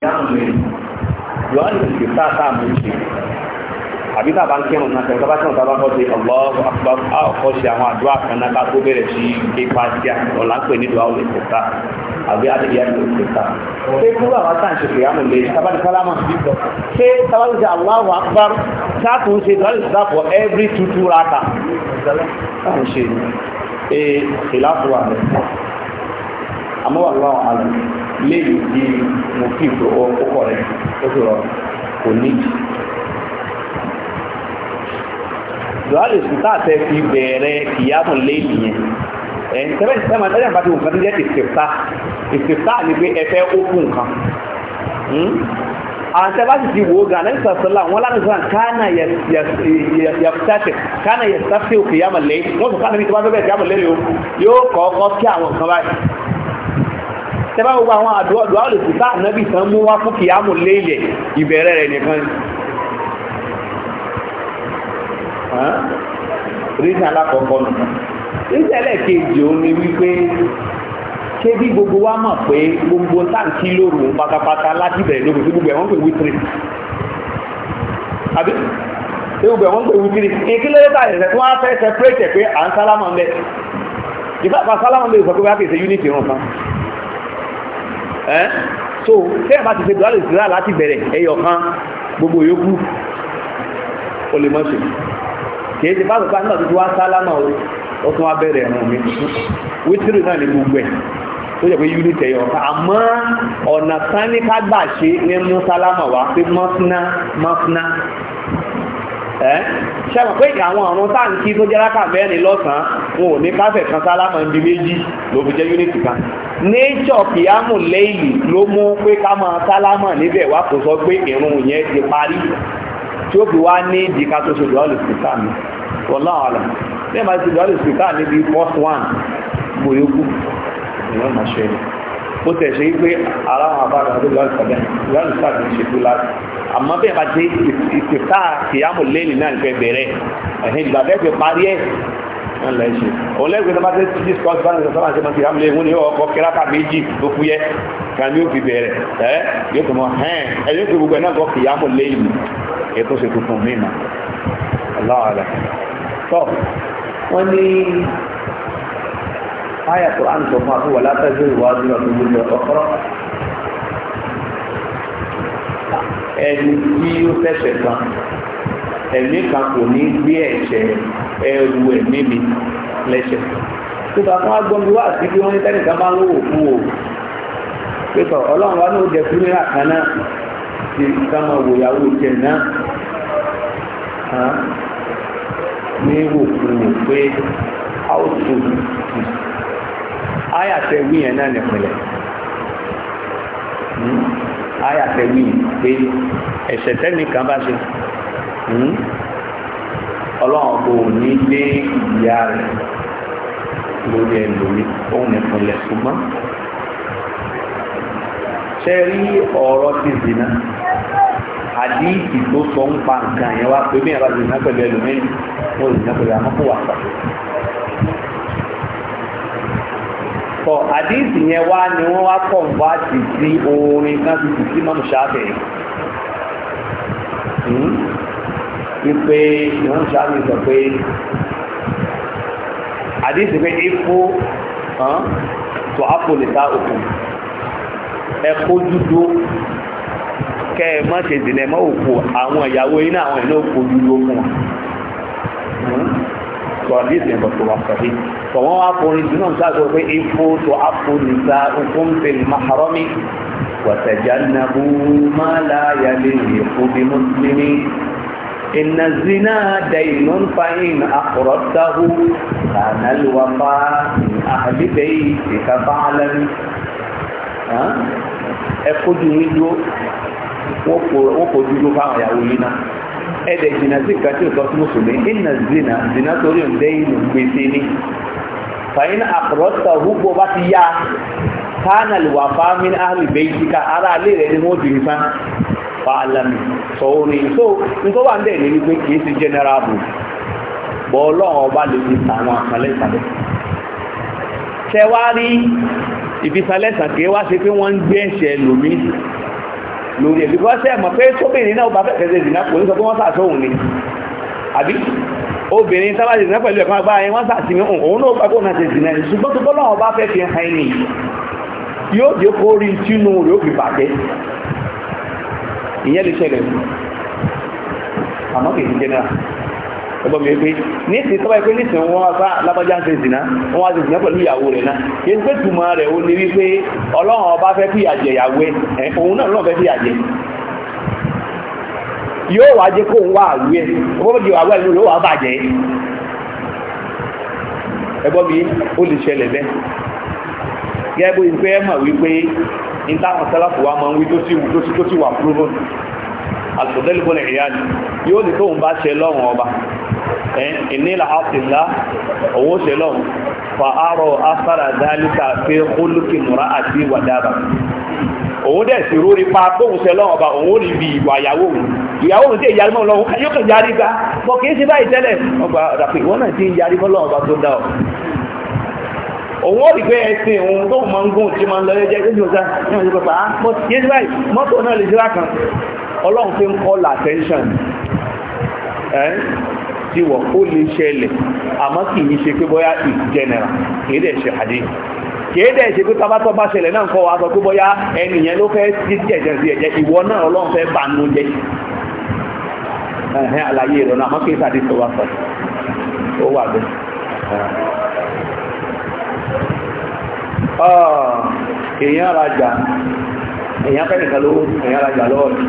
yohane ti ta ta mú ṣe àbí tàbá ń kírun náà tẹ̀sán bá kírun tàbá kọ́ sí Allahu Akbar a ò kọ́ sí àwọn àdúrà kan náà ká tó bẹ̀rẹ̀ sí ké pàṣẹ ọ̀la ń pè ní ìdúrà olè tẹ̀sán àbí adìyẹ àti olè tẹ̀sán. ṣé kúrò àwọn tá à ń ṣe pé àmì lè sábàdì sálámà ṣé sábàdì ṣe Allahu Akbar sáàtún ṣe ìdúrà lè sá for every two two raka. ká ń ṣe ee ìlàfọ̀ léyìí di mo fi ìfowó kókọ̀ rẹ̀ ó sì rọ kò ní. Lọ́ọ̀lì sùtà tẹ fi bẹ̀rẹ̀ kìyàmù léyìí yẹn. Ẹ̀ tẹ́lẹ̀ tẹ́lẹ̀ máa tẹ́lẹ̀ bá ti wù nǹkan tó jẹ́ ìsèpá. Ìsèpá ni pé ẹ fẹ́ ó fún nǹkan. Hmm? Àwọn tẹ́lẹ̀ bá sì ti wò ó gan, àlẹ́ sàṣẹ́lá wọn láti sàn kánà yẹ̀fùtàtẹ̀ kánà yẹ̀fùtàtẹ̀ kìyàmù léyìí. Wọ́n sọ fún àná tẹ́bá gbogbo àwọn àdúrà lè kùtà ànábì tán mú wá fún kìyàmù léèlẹ̀ ìbẹ̀rẹ̀ rẹ̀ nìkan ríṣẹ́ alákọ̀ọ́kọ́ nù ríṣẹ́ ẹlẹ́ẹ̀kejì òun ni wípé ṣé bí gbogbo wa mọ̀ pé gbogbo táǹkì lóru pátápátá láti bẹ̀rẹ̀ lóru tí gbogbo ẹ̀wọ̀n pè wítìrì àbí tí gbogbo ẹ̀wọ̀n pè wítìrì ìkílẹ̀ẹ́ta ẹ̀sẹ̀ tí wọ́n á fẹ́ sẹpẹ́rẹ́tẹ̀ pé à ń sálámọ̀ ń bẹ̀ ìfẹ́ àpá sálámọ̀ ń bẹ̀ sọ pé wá kìí ṣe unity rùn kan ẹ́ eh? so tẹ́yà bá ti ṣe dùwálù ìsìlá láti bẹ̀rẹ̀ ẹyọ kan gbogbo yòókù o lè mọ́ ṣe kìí ṣe báwo kan náà ti wá sálámà o ó tún wá bẹ̀rẹ̀ ẹ̀rùn mi wítírì náà ní gbogbo ẹ̀ tó yẹ pé unit ẹ̀yọ kan àmọ́ ọ̀nà sáníkágbà ṣe ní mú sálámà wá pé mọ́sánná mọ́sánná ẹ́ ṣẹ́wọ̀n pé àwọn ọ̀run táǹkì tó jẹ́ráka mẹ́rin lọ́sàn-án wọn ò ní káfẹ̀ kan sálámà ń di méjì ló fi jẹ́ unit kan nature kìámù lẹ́yìn ló mú pé ká máa sálámà níbẹ̀ wá kò sọ pé ìrun yẹn ti parí tí ó fi wá ní ìdíkà tó ṣe dọ́ọ̀lù síkà mi wọlá ọ̀la lẹ́yìn máa ti dọ́ọ̀lù síkà níbi first one gbòyókù ìrun máa ṣẹlẹ̀ bó tẹ̀ ṣe pé ara àwọn àbára ló lọ́nà sọ́dẹ̀ lọ́nà sọ́dẹ̀ ṣe tó láti àmọ́ bẹ́ẹ̀ bá ṣe ìtìta kìyàmù lẹ́yìn náà nǹkan bẹ̀rẹ̀ ẹ̀hìn ìgbà bẹ́ẹ̀ fi parí ẹ̀ náà lẹ́ ṣe òun lẹ́gbẹ̀ẹ́ tó bá ṣe ti discuss bá ṣe sọ́nà ṣe máa kìyàmù lẹ́yìn wọn ni ọkọ̀ kíráka méjì tó fú yẹ kàmí ó fi bẹ̀rẹ̀ ẹ̀ aya Quran sọ fún akó wàlá tẹ́jú ìwádìí ọdún gbogbo ọ̀kọ́rọ́ ẹni tí ó fẹsẹ̀ kan ẹ̀mí kan kò ní gbé ẹ̀ṣẹ̀ ẹrù ẹ̀mí mi lẹ́ṣẹ̀ tó bá fún agbọ́nbi wá sí bí wọ́n ní tẹ́nìkan bá ń wò fún o pẹ̀tọ̀ ọlọ́run wa ní ó jẹ fún ìhà kan ti ká máa wò ìyàwó jẹ náà ní wò fún o pé how to áyà tẹ wí yẹn náà nìpínlẹ̀ áyà tẹ wí pé ẹ̀ṣẹ̀ tẹ́nìkan bá ṣe hmm? ọlọ́run kò ní lé ìyá rẹ̀ lórí ẹlòmí òun nìpínlẹ̀ ṣùgbọ́n ṣe rí ọ̀rọ̀ ti zina àdíìtì tó sọ ń pa nǹkan yẹn wá pé bí ẹ̀ bá zina pẹ̀lú ẹlòmí wọn ò zina pẹ̀lú àmọ́ pàtó tọ àdíìsì yẹn wá ni wọ́n wá pọ̀ ń wá sí sí orin kan ti sì sí mọ́mù ṣáfẹ̀ hmm? wípé ìwọ̀n ṣáfẹ̀ sọ pé àdíìsì pé ifo tó ápò lè ta òkú ẹ kójú dó kẹ ẹ má ṣe dènà ẹ má òkú àwọn ìyàwó yín náà àwọn ìnáwó kojú dó fún tó àdéhùn yẹn bọ̀ tó wà sọ̀rí tó wọ́n wá forin jù náà sáà sọ pé ifo tó afo nìta nkún fi maharami wàtàjánabu mala yàlẹ yẹfu bí mùsùlùmí ìnà zina dàínú fàyín àkùrọ̀tàhù kànálùwàfà àhàlìbẹ̀yì ìkàfàlẹ́nu ẹ kojú yín dúró wọ́n kojú dúró fáwọn ìyàwó yín náà ẹ̀dẹ̀ jìnà sí ìka tí ìkọ́ tí mùsùlùmí iná zina zina torí ǹdẹ́ inú gbèsè ni fàyín àkùrọ́tà húgbọ́ bá ti yá kánà lùwà fáámi ní àhàlì bẹ́ẹ̀kíkà ara alẹ́ rẹ̀ ni wọ́n jù nípa fàálàmì sọ orin so nítorí wà ń dẹ̀ general bù bọ́ ọlọ́run ọba lè fi tàwọn àkànlẹ̀ ìsàlẹ̀ tẹwárí ìfisàlẹ̀sàn kìí wá ṣe pé wọ́n ń gbé ẹ̀ṣẹ̀ lòmí lórí ẹ̀ because ẹ mọ̀ pé tóbìnrin náà bá fẹ́ẹ̀ fẹ́ẹ̀ zìnà kò ní sọ pé wọ́n sàṣọ òun ni àbí obìnrin sábà zìnà pẹ̀lú ẹ̀kọ́ agbára yẹn wọ́n sàṣì mí òun náà gbàgbọ́ náà ti zìnà yìí ṣùgbọ́n tó bọ́lá wọn bá fẹ́ fi hàn ní yóò dé kó rí tínú rẹ̀ ó fi bàjẹ́ ìyẹn lè ṣẹlẹ̀ àmọ́ kì í náà ẹgbọ́n mi pé ní ti tọ́ba yìí pé ní sìn wọn bá alábọ́já ń ṣe zìnà wọn á ṣe zìnà pẹ̀lú ìyàwó rẹ̀ náà yé pé tùmọ̀ rẹ̀ ó ní wípé ọlọ́run ọba fẹ́ fi àjẹ ìyàwó ẹ̀ òun náà lọ́ọ̀ fẹ́ fi àjẹ yóò wá jẹ́ kóun wá àwúyẹ́ ọgbọ́n méjì wà wẹ́lú ló wà bàjẹ́ ẹgbọ́n mi ó lè ṣẹlẹ̀ bẹ́ẹ̀ gẹ́gẹ́ bó ìpẹ́ mọ̀ wípé ní táwọn sálàfù wa máa ń wí tó sì wà proven àtọ̀dẹ́lẹ́gbọ́n ẹ̀yà ni yóò ní tóun bá ṣe lọ́rùn ọba ìnílà àtìlá owó ṣẹlọ fa àrọ afárá dálítà pé kólókè múra àti wàdára òun dẹ̀ sì rórí pa kóhun ṣẹlọ ọba òun ò ní bí ìwà ìyàwó òun ìyàwó òun tí èyí yarí mọ́ lọ́wọ́ yóò kàn yarí ga bọ́ kìí ṣe báyìí tẹ́lẹ̀ ọgbà ràpẹ̀ ìwọ náà ti ń yarí mọ́ lọ́wọ́ ọba tó dá ọ òun ó rí pé ẹsìn òun tó mọ́ ń gùn tí ma ń lọ ẹjẹ́ tó jọta ní ọjọ́ pẹ̀pẹ̀ àpọ̀ tí yéṣù báyìí mọ́tò náà lè ṣíra kan ọlọ́run fi ń call attention sí wọ̀ ó lè ṣẹlẹ̀ àmọ́ kì í ṣe pé bóyá it's general kì í dẹ̀ ṣe hadith kì í dẹ̀ ṣe pé tabatọ́ bá ṣẹlẹ̀ náà kọ́ wa sọ pé bóyá ẹnìyẹn ló fẹ́ sí ẹ̀jẹ̀ sí ẹ̀jẹ̀ ìwọ náà ọlọ́run fẹ́ bá nu jẹ́ ẹ̀hẹ́n àlàyé rẹ̀ náà àmọ́ kì í sàdí sọ wa sọ ó wà bẹ́ẹ̀. èèyàn rajà èèyàn fẹ́ nìkan lówó èèyàn rajà lọ́wọ́ rẹ̀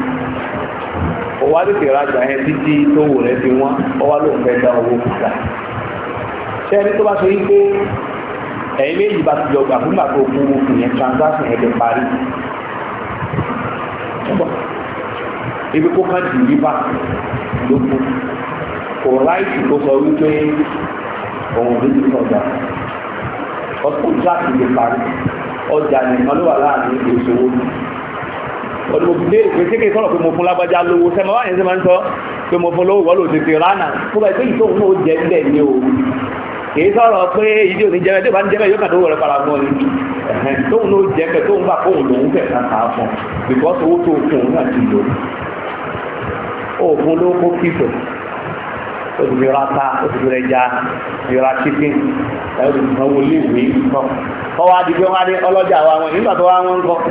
ọwá tètè rajà yẹn títí tó wò rẹ fi wọ́n ọwá ló ń fẹ́ dá owó kúta ṣé ẹni tó bá ṣe wípé ẹ̀yin méjì bá ti jọ gbà fún gbàgbọ́ òkú òkú yẹn transaction yẹn ti parí ibi kó kàn dì nípa ló kú kò ráìtì tó sọ wípé òun ló ti sọjà ọtún jáde ti parí ọjà nìkan ló wà láàrin èso owó ọdún mo sọ̀rọ̀ pé mo fún lágbájá lówó sẹ́mi wáyé sí máa ń sọ pé mo fún lówó wọ́lò tètè ránà tó bá ìpéyìí tóun náà jẹ́ ń bẹ̀ ní o kì sọ̀rọ̀ pé ìdí òní jẹ́ bẹ́ẹ̀ bá ń jẹ́ yóò kàn tó wọlé para ni tóun náà jẹ́ bẹ́ẹ̀ tóun bá fóun lòun fẹ̀ kàkà fún because owó tó fún òun náà ti òfun ló kó kíkọ̀ ó ti fi ra ta ó ti fi rẹ kọ́ wá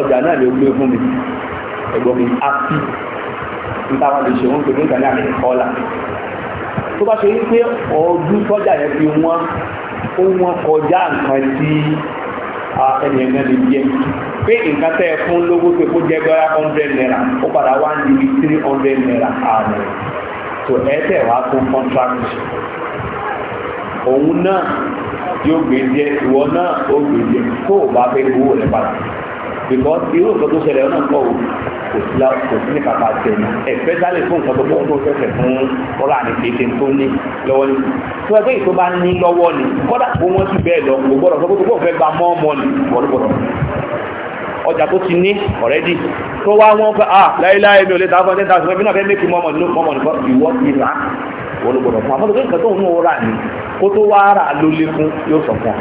ọjà náà lè wúlò fún mi ẹ̀gbọ́n mi ápì nítawa lè ṣe wọn pè ní ìkànnì àmì ọlà tó bá ṣe yí pé ọdún tọ́jà yẹn fi wọ́n ó wọ́n kọjá nǹkan tí ẹni ẹ̀gbọ́n lè jẹ pé nǹkan tẹ́ ẹ fún lówó pé kó jẹ́ gbọ́dá hundred naira ó padà wá ní ibi three hundred naira ààrẹ tó ẹ tẹ̀ wá fún contract òun náà yóò gbé díẹ̀ ìwọ náà ó gbé díẹ̀ tó o bá fẹ́ gbowó rẹ̀ padà bìkọ́ irú nǹkan tó ṣẹlẹ̀ náà kọ́ kò sí kò sí ní kàkà tẹ̀lé ẹ̀fẹ́ sálè fún nǹkan tó kọ́ tó fẹ́fẹ́ fún ọ̀rọ̀ àti kéèké tó ní lọ́wọ́ ni tó ẹgbẹ́ yìí tó bá ní lọ́wọ́ ni kọ́dà kó wọ́n ti bẹ́ẹ̀ lọ kò gbọ́dọ̀ sọ́kó tó kó fẹ́ gba mọ́ ọmọ ni gbọ́dọ̀ ọjà tó ti ní ọ̀rẹ́dì tó wá wọn fẹ́ ah láíláí mi ò lè ta fún ten thousand fún mi náà fẹ́ mẹ́kì mọ́mọ́ nínú mọ́mọ́ nìkan ìwọ́ ti rà wọ́n ló gbọ́dọ̀ fún àmọ́ tó kí nǹkan tó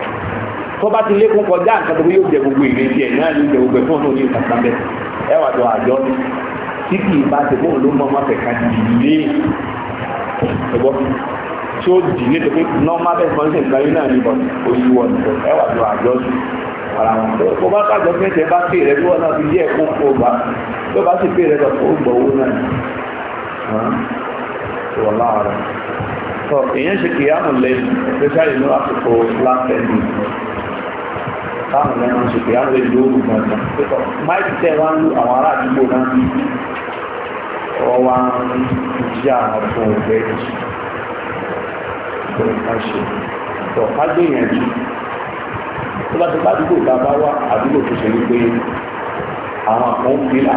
tó bá ti lékún kọjá nǹkan tó yóò jẹ gbogbo ìrètí ẹ̀ náà ló jẹ gbogbo ẹ̀fọ́n náà ní ìtàkùn abẹ́ ẹ wà jọ àjọ tí kì í bá ti bóun ló mọ ọmọ kẹ̀kẹ́ dìde ẹ̀gbọ́ tí ó dì ní pé normal person ṣe nǹkan yín náà ní bọ̀ oyíwọ̀ nìkan ẹ wà jọ àjọ ara wọn tó o bá kájọ pé tẹ bá pè rẹ bí wọn náà fi yẹ kó kó bá tó bá sì pè rẹ lọ kó gbọ owó náà wọ́n láàárọ̀. èèyàn ṣe kìí àmọ̀ lẹ́yìn especially ní àsìkò last ten minutes táwọn ẹ̀rọ ń ṣèpè àwọn èdè òru gbọ̀ngàn máìkì tẹ̀ wá ń lu àwọn ará àdúgbò náà ọwọ́ wá ń jí àwọn fún ọ̀gbẹ́ ìṣòro ká ṣe tọ̀ ká gbìyànjú tó bá ti bá àdúgbò tá a bá wá àdúgbò tó ṣe wípé àwọn àpọ̀n fi ló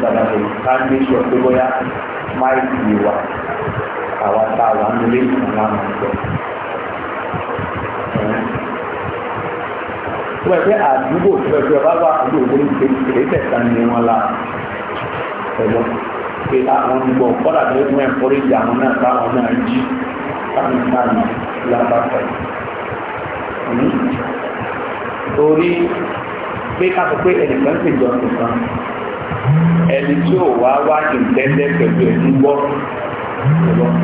sábà lè ká ní sọ pé bóyá máìkì wà àwọn táwọn nílé ìtàn láwọn tó ẹgbẹ́ àdúgbò tó ẹgbẹ́ bá wà àdúgbò tó ń ṣe ìṣẹ̀ta ní wọn la ẹ̀gbọ́n pé àwọn gbọ́ kọ́dà tó ń ẹ̀kọ́ rí ìjà àwọn náà táwọn náà jí táwọn náà ní lábàtà yìí. torí pé ká pé ẹnìkan sì jọ nìkan ẹni tí ò wá wá ìtẹ́ndẹ́ pẹ̀lú ẹ̀ gbọ́ ẹ̀gbọ́n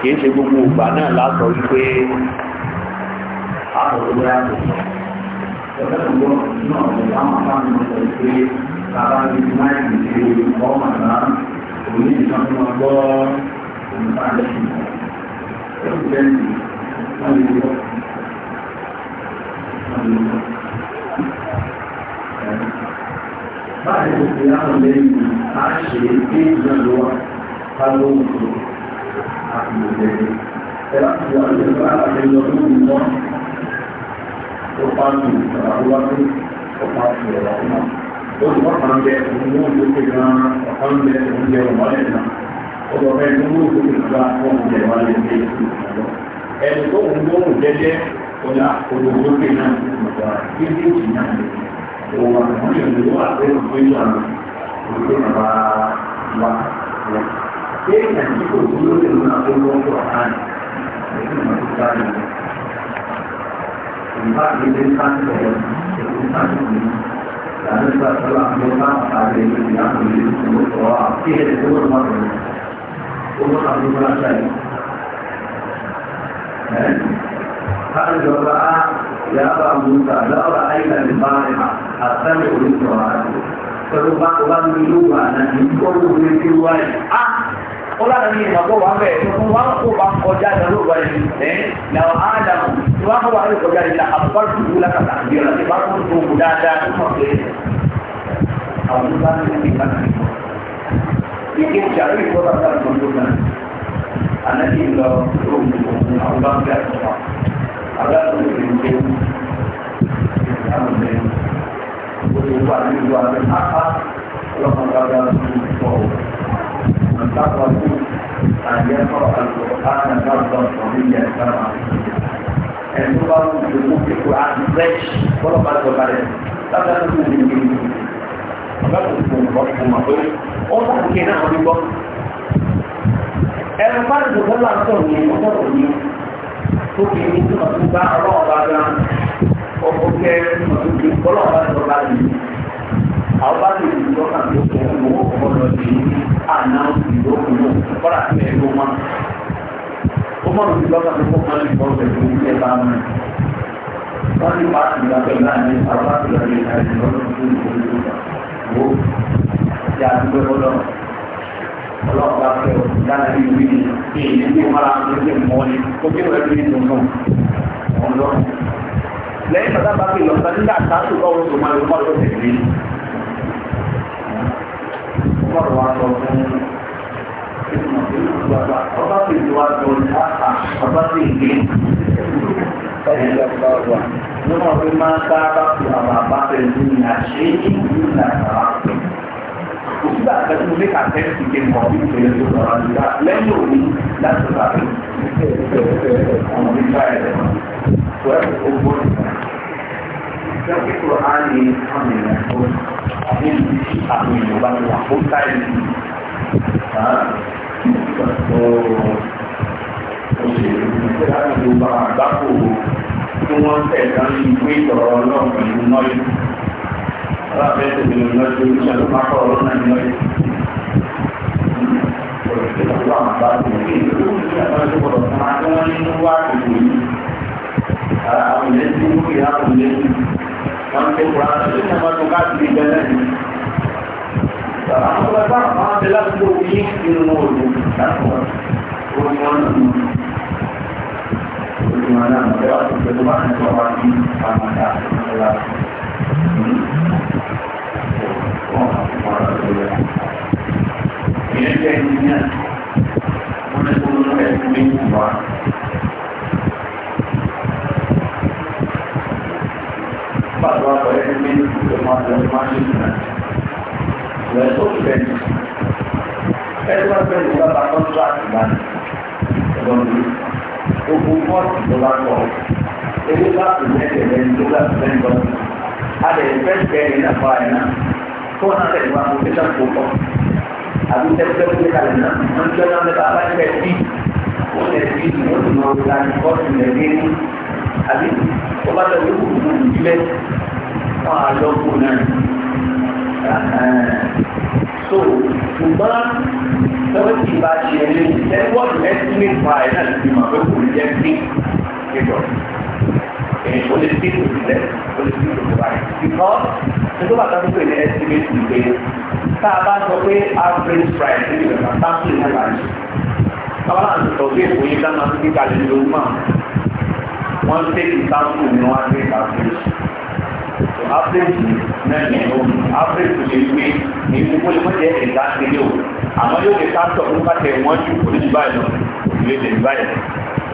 kì í ṣe gbogbo ìgbà náà lásọ wípé àwọn olóyè àgbẹ̀ ọ̀dọ́ tó yọ náà lè bá wọn bá mi sọ pé bàbá mi ti máa ń ṣe ọ̀ màmá òun ní ìtàn fún wọn gbọ́ òun bá lè ṣe ọ̀ ó jẹ́ ní wọ́n lè yọ wọ́n lè yọ. báyìí kò sí láwọn lẹ́yìn á ṣe é ìjọ lọ́wọ́ ká lóhùn tó àti ìjọba ẹ̀rọ àti ìjọba àti ìjọba ìjọba Ọ̀páàlù àbúwájú ọ̀páàlù ọ̀rọ̀ ọ̀nà. Lórí ọ̀pàá ń bẹ owó ìlúkè gan ọ̀pá ń bẹ oúnjẹ ọ̀mọ́lẹ̀ náà. Ọ̀dọ̀ bẹ́ẹ̀ ni owó ìlúkè gbá fún oúnjẹ wà lè gbé ìlú Ẹni tó ń gbóhùn jẹ́jẹ́ ọ̀dà olùdókè náà ti mọ̀ wá kí ní ìjì náà lè. Òun àwọn ìlú wà tí kò dúró lè mú àkókò ìbáàdìdé sáńtẹ̀ èkó sáńtẹ̀ ìdájọ́ sọ́lá ló bá àtàlẹ́ ìyàwó ilé ìṣòro sọ àti ẹ̀rẹ́ tó lọ́ máa bẹ̀rẹ̀ ó lọ́ máa tó bá ṣáyé. قال الرعاء يا أبا موسى لا رأيت البارحة أستمع للقرآن فربما يلوها أن يكون في الوعي ọlọ́run ní ìmọ̀ wà bẹ́ẹ̀ tó fún wa ń kó wa kọjá ìdánwò wa yìí ẹ̀ na ádámù tí wọ́n kọ́ wa ń kọjá ìdá àbúkọ́ dùdú lákàtà àbí ọ̀la tí wọ́n kọ́ tó kù dáadáa tó mọ̀ pé àwọn ọba ní ìdí kan ní ìdí ìjà lórí ìfọ́tà tá a tó náà ànájì lọ lóhùn ìfọ̀hún àwọn bá ń bẹ́ẹ̀ tó wà àwọn bá tó lè dé àwọn bẹ́ẹ̀ ó ti wà ní ìlú àbẹ́ فانتقصوا أن يقرأ القرآن فرضا صبيا شرعا ẹ̀sùn bá wù ú mú kíkó àgbẹ̀ṣ bọ́lọ̀ bá lọ balẹ̀ lábẹ́ tó kù ní ìlú ọ̀gá tó kù mọ̀ kù mọ̀ pé ó bá kéke náà wọ́n gbọ́. ẹ̀rù bá lè tó lọ sọ ní ọjọ́ òní tó kì àwọn bá lè fi lọ́kàn tó kún un owó kọ́ lọ sí àná ìlókun náà kọ́ra sí ẹ̀ ló máa. ó mọ̀ lórí lọ́kàn tó kún un lọ́kàn tó kún un ẹ̀ bá mú wọ́n ní pàṣẹ ìdájọ́ láàrin àwọn bá ti lọ rí ìdájọ́ lọ́dún tó ń bọ̀ lórí ìgbà wo ti àdúgbò lọ́dọ̀ ọlọ́ọ̀gá fẹ́ o dáná bí wí ni èyí ní ìmọ̀ra tó ti mọ́ ni ó bí wọ́n rí tuntun ọ̀n lọ. lẹ́yìn tọ́lá bá fi lọ sọ nígbà tá a tó lọ́wọ́ tó máa lọ mọ́ lọ́sẹ̀ mọ̀rọ̀ wa sọ fún mi. Ọba tó ìlú wa sọ ní àhà ọba tó ìgbé. Lọ́wọ́ fi máa ń sáábà fún àwọn àbáfẹ́ ìlú ní àṣẹ ìlú ní àṣàrà. Òṣìṣẹ́ àtẹ́sí mo ní ká tẹ́sí ké mọ̀ bí ìpele tó sọ̀rọ̀ nígbà lẹ́yìn òní láti sọ̀rọ̀ àwọn onígbà ẹ̀rọ. Wẹ́ẹ̀kì ó gbọ́dọ̀ lọ́sí kùránì ọ̀nà ìrìnàjò àbí àwọn èèyàn bá ti wà fún táìlì òṣèlú láti gbogbo àwọn àgbákò tí wọ́n tẹ̀sán ní ìwé ìtọ̀rọ̀ náà pẹ̀lú nọ́ọ̀lù alábẹ́ tó ti lọ lọ́jọ́ oníṣẹ́ ló má kọ́ ọ̀rọ̀ náà nọ́ọ̀lù òṣèlú àwọn àgbákò tí ìlú ìjọba tó gbọdọ̀ fún wa tí wọ́n nínú wá àgbègbè yìí àwọn ìlẹ́sìn mú ìyá àwọn ìlẹ́sìn wọn ti kura ṣe ní ọmọdún káàkiri gẹ́lẹ́ ni. àwọn ọmọ ẹgbẹ́ àwọn máa ń bẹ láti kó yí nínú òòlù láti wọ́n ó ní wọ́n nù. oṣù wọn náà ọ̀rẹ́ wa ti pẹ́ tó bá ń sọ wá sí àmàlà ìṣẹ́lá. Ìyẹn jẹ́ ìdí náà, wọ́n ní kó ló ń bẹ̀rẹ̀ fún mi wá. fatwa for every minute of the month of Manchester. We are so friends. Everyone says we have a contract that ogun fọ́ọ̀tì tó bá kọ̀ ewu bá pèsè ẹ̀rẹ́ tó bá pèsè ẹ̀rọ a lè fẹ́ bẹ́ẹ̀ ní àpá ẹ̀ náà tó náà tẹ̀lé wa kó tẹ̀sán kó kọ́ àbí tẹ̀sán kó tẹ̀sán lè náà àbí tó bá tẹ̀lé wù ú ilẹ̀ wọn á lọ kó náà so ṣùgbọ́n tọ́wọ́ tí ìbá ṣe lé network estimate by náà ti mọ̀ pé kò ní jẹ́ pín kéjọ́ èyí ó lè pín kò sílẹ̀ ó lè pín kò sí báyìí because nígbà bàtà tó pè ní estimate ní pé tá a bá sọ pé average price ní ìgbà tá a pè ní àgbáyé táwọn àti sọ pé èkó yìí dáná sí kíkà lè lo mọ́ wọ́n tẹ́kì sáàpù ní wọ́n tẹ́kì àfẹ́jì àfẹ́jì mẹ́rin ló àfẹ́jì lè gbé ní gbogbo lè mọ́jẹ́ ẹ̀dá sílé o àmọ́ yóò lè sáàpù ní bá tẹ̀ wọ́n ju oníjì báyìí lọ ìlú èdè báyìí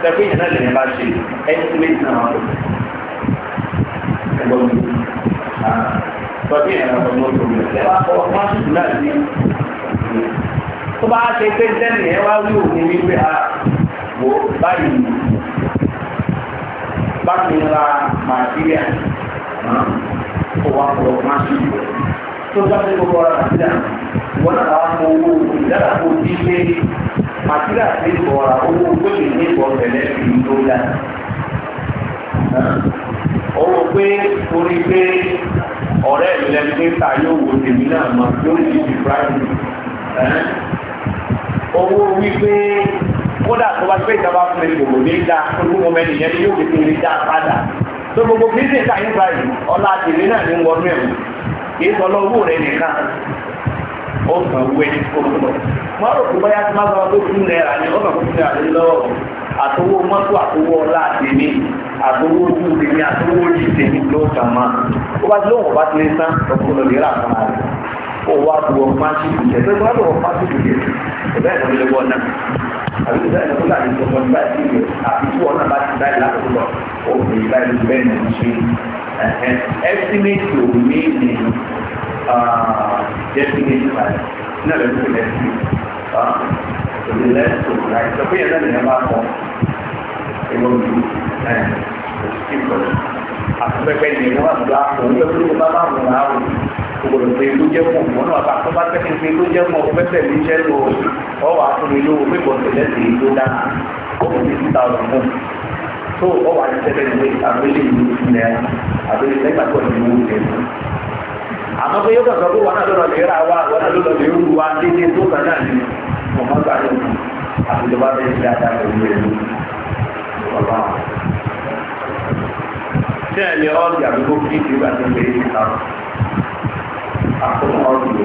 sẹ́kùn yẹn náà lè bá ṣe ẹ́símẹ́tì náà wọ́n ẹgbọ́n mi sọ́kùn yẹn náà wọ́n tó mi ẹ̀ wá kọ́ wọ́n sì náà sí tó bá ṣe pé sẹ́ni ẹ̀ wá wí òun wípé a wò báyìí bá ti ń ra màtíríà kó wá pọ̀ máa ṣe ìwé tó bá ti gbogbo ara màtíríà wọ́n náà wá mọ owó ìdára kó bí pé màtíríà ti ń bọ̀ ra owó pé kì í bọ̀ tẹ̀lẹ́ fi ló dá. owó pé orí pé ọ̀rẹ́ mi yóò wo tèmi náà mọ̀ lórí ìdìbò owó wípé kódà tó bá gbé ìjọba fún mi gbogbo ní ìdá olúwo mẹ́rin yẹn ni yóò fi kiri dá padà tó gbogbo kì í sì ta yín báyìí ọlá àtìlẹ́ náà ní wọnú ẹ̀wọ̀n kì í sọ lọ owó rẹ nìkan ó sàn owó ẹni tó lọ wọn rò pé bóyá tí wọn sọ pé fún náírà ni ó sàn fún náírà ní lọ́wọ́ àtọwọ́ mọ́tò àtọwọ́ ọlá àtìlẹ́ àtọwọ́ ojú tèmi àtọwọ́ ojú tèmi ló sàn máa ó bá ti lóhùn ọba ti lè sán ọkùnrin lè rà fún ara rẹ ó wá lọ fásitì jẹ pé wọn lọ fásitì jẹ ìbẹ́ẹ̀ àbí ìgbà ìlú kúlà ní gbogbo nígbà tí ìwé àbí tí wọn náà bá ti báyìí láti lọ òkè báyìí ló bẹ́ẹ̀ nà ń ṣe estimate to remain in definite time náà lè kúlẹ̀ sí àtúnpẹ́pẹ́ ni wọ́n gba òun lọ sí bàbá àwọn àwọn ògbòdò pé ló jẹ́ fún òun náà bá tó bá tẹ́kẹ́ pé ló jẹ́ fún òun pẹ́sẹ̀ ní iṣẹ́ lò ó wà fún mi lówó pé bọ̀sẹ̀ lẹ́sẹ̀ yìí ló dá ó kù ní títà ọ̀rọ̀ fún tó ó wà ní tẹ́lẹ̀ ní àbẹ́lẹ̀ ìlú ilẹ̀ àbẹ́lẹ̀ lẹ́gbàá tó ní owó tẹ̀ àmọ́ pé yóò kàn sọ pé wọn náà lọ́dọ̀ lè ra wa wọn náà lọ́dọ̀ lè rú wa náà ni ọ́ọ̀dì àdúgbò kí ìgbà tó ń gbé ní ìta àkókò ọ́ọ̀dì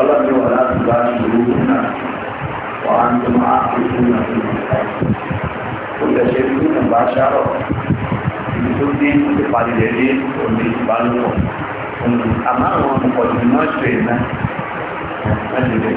ọlọ́dún wọn láti bá ṣòro náà wọ́n á ń tó máa fi fún náà fún ìta ó tẹ̀sẹ̀ fún ìgbà ṣárọ̀ ibi tó dé ti parí rẹ̀ dé òní ìbálòpọ̀ àmọ́ àwọn ọmọkọ̀ọ̀dùn náà ṣe náà wọ́n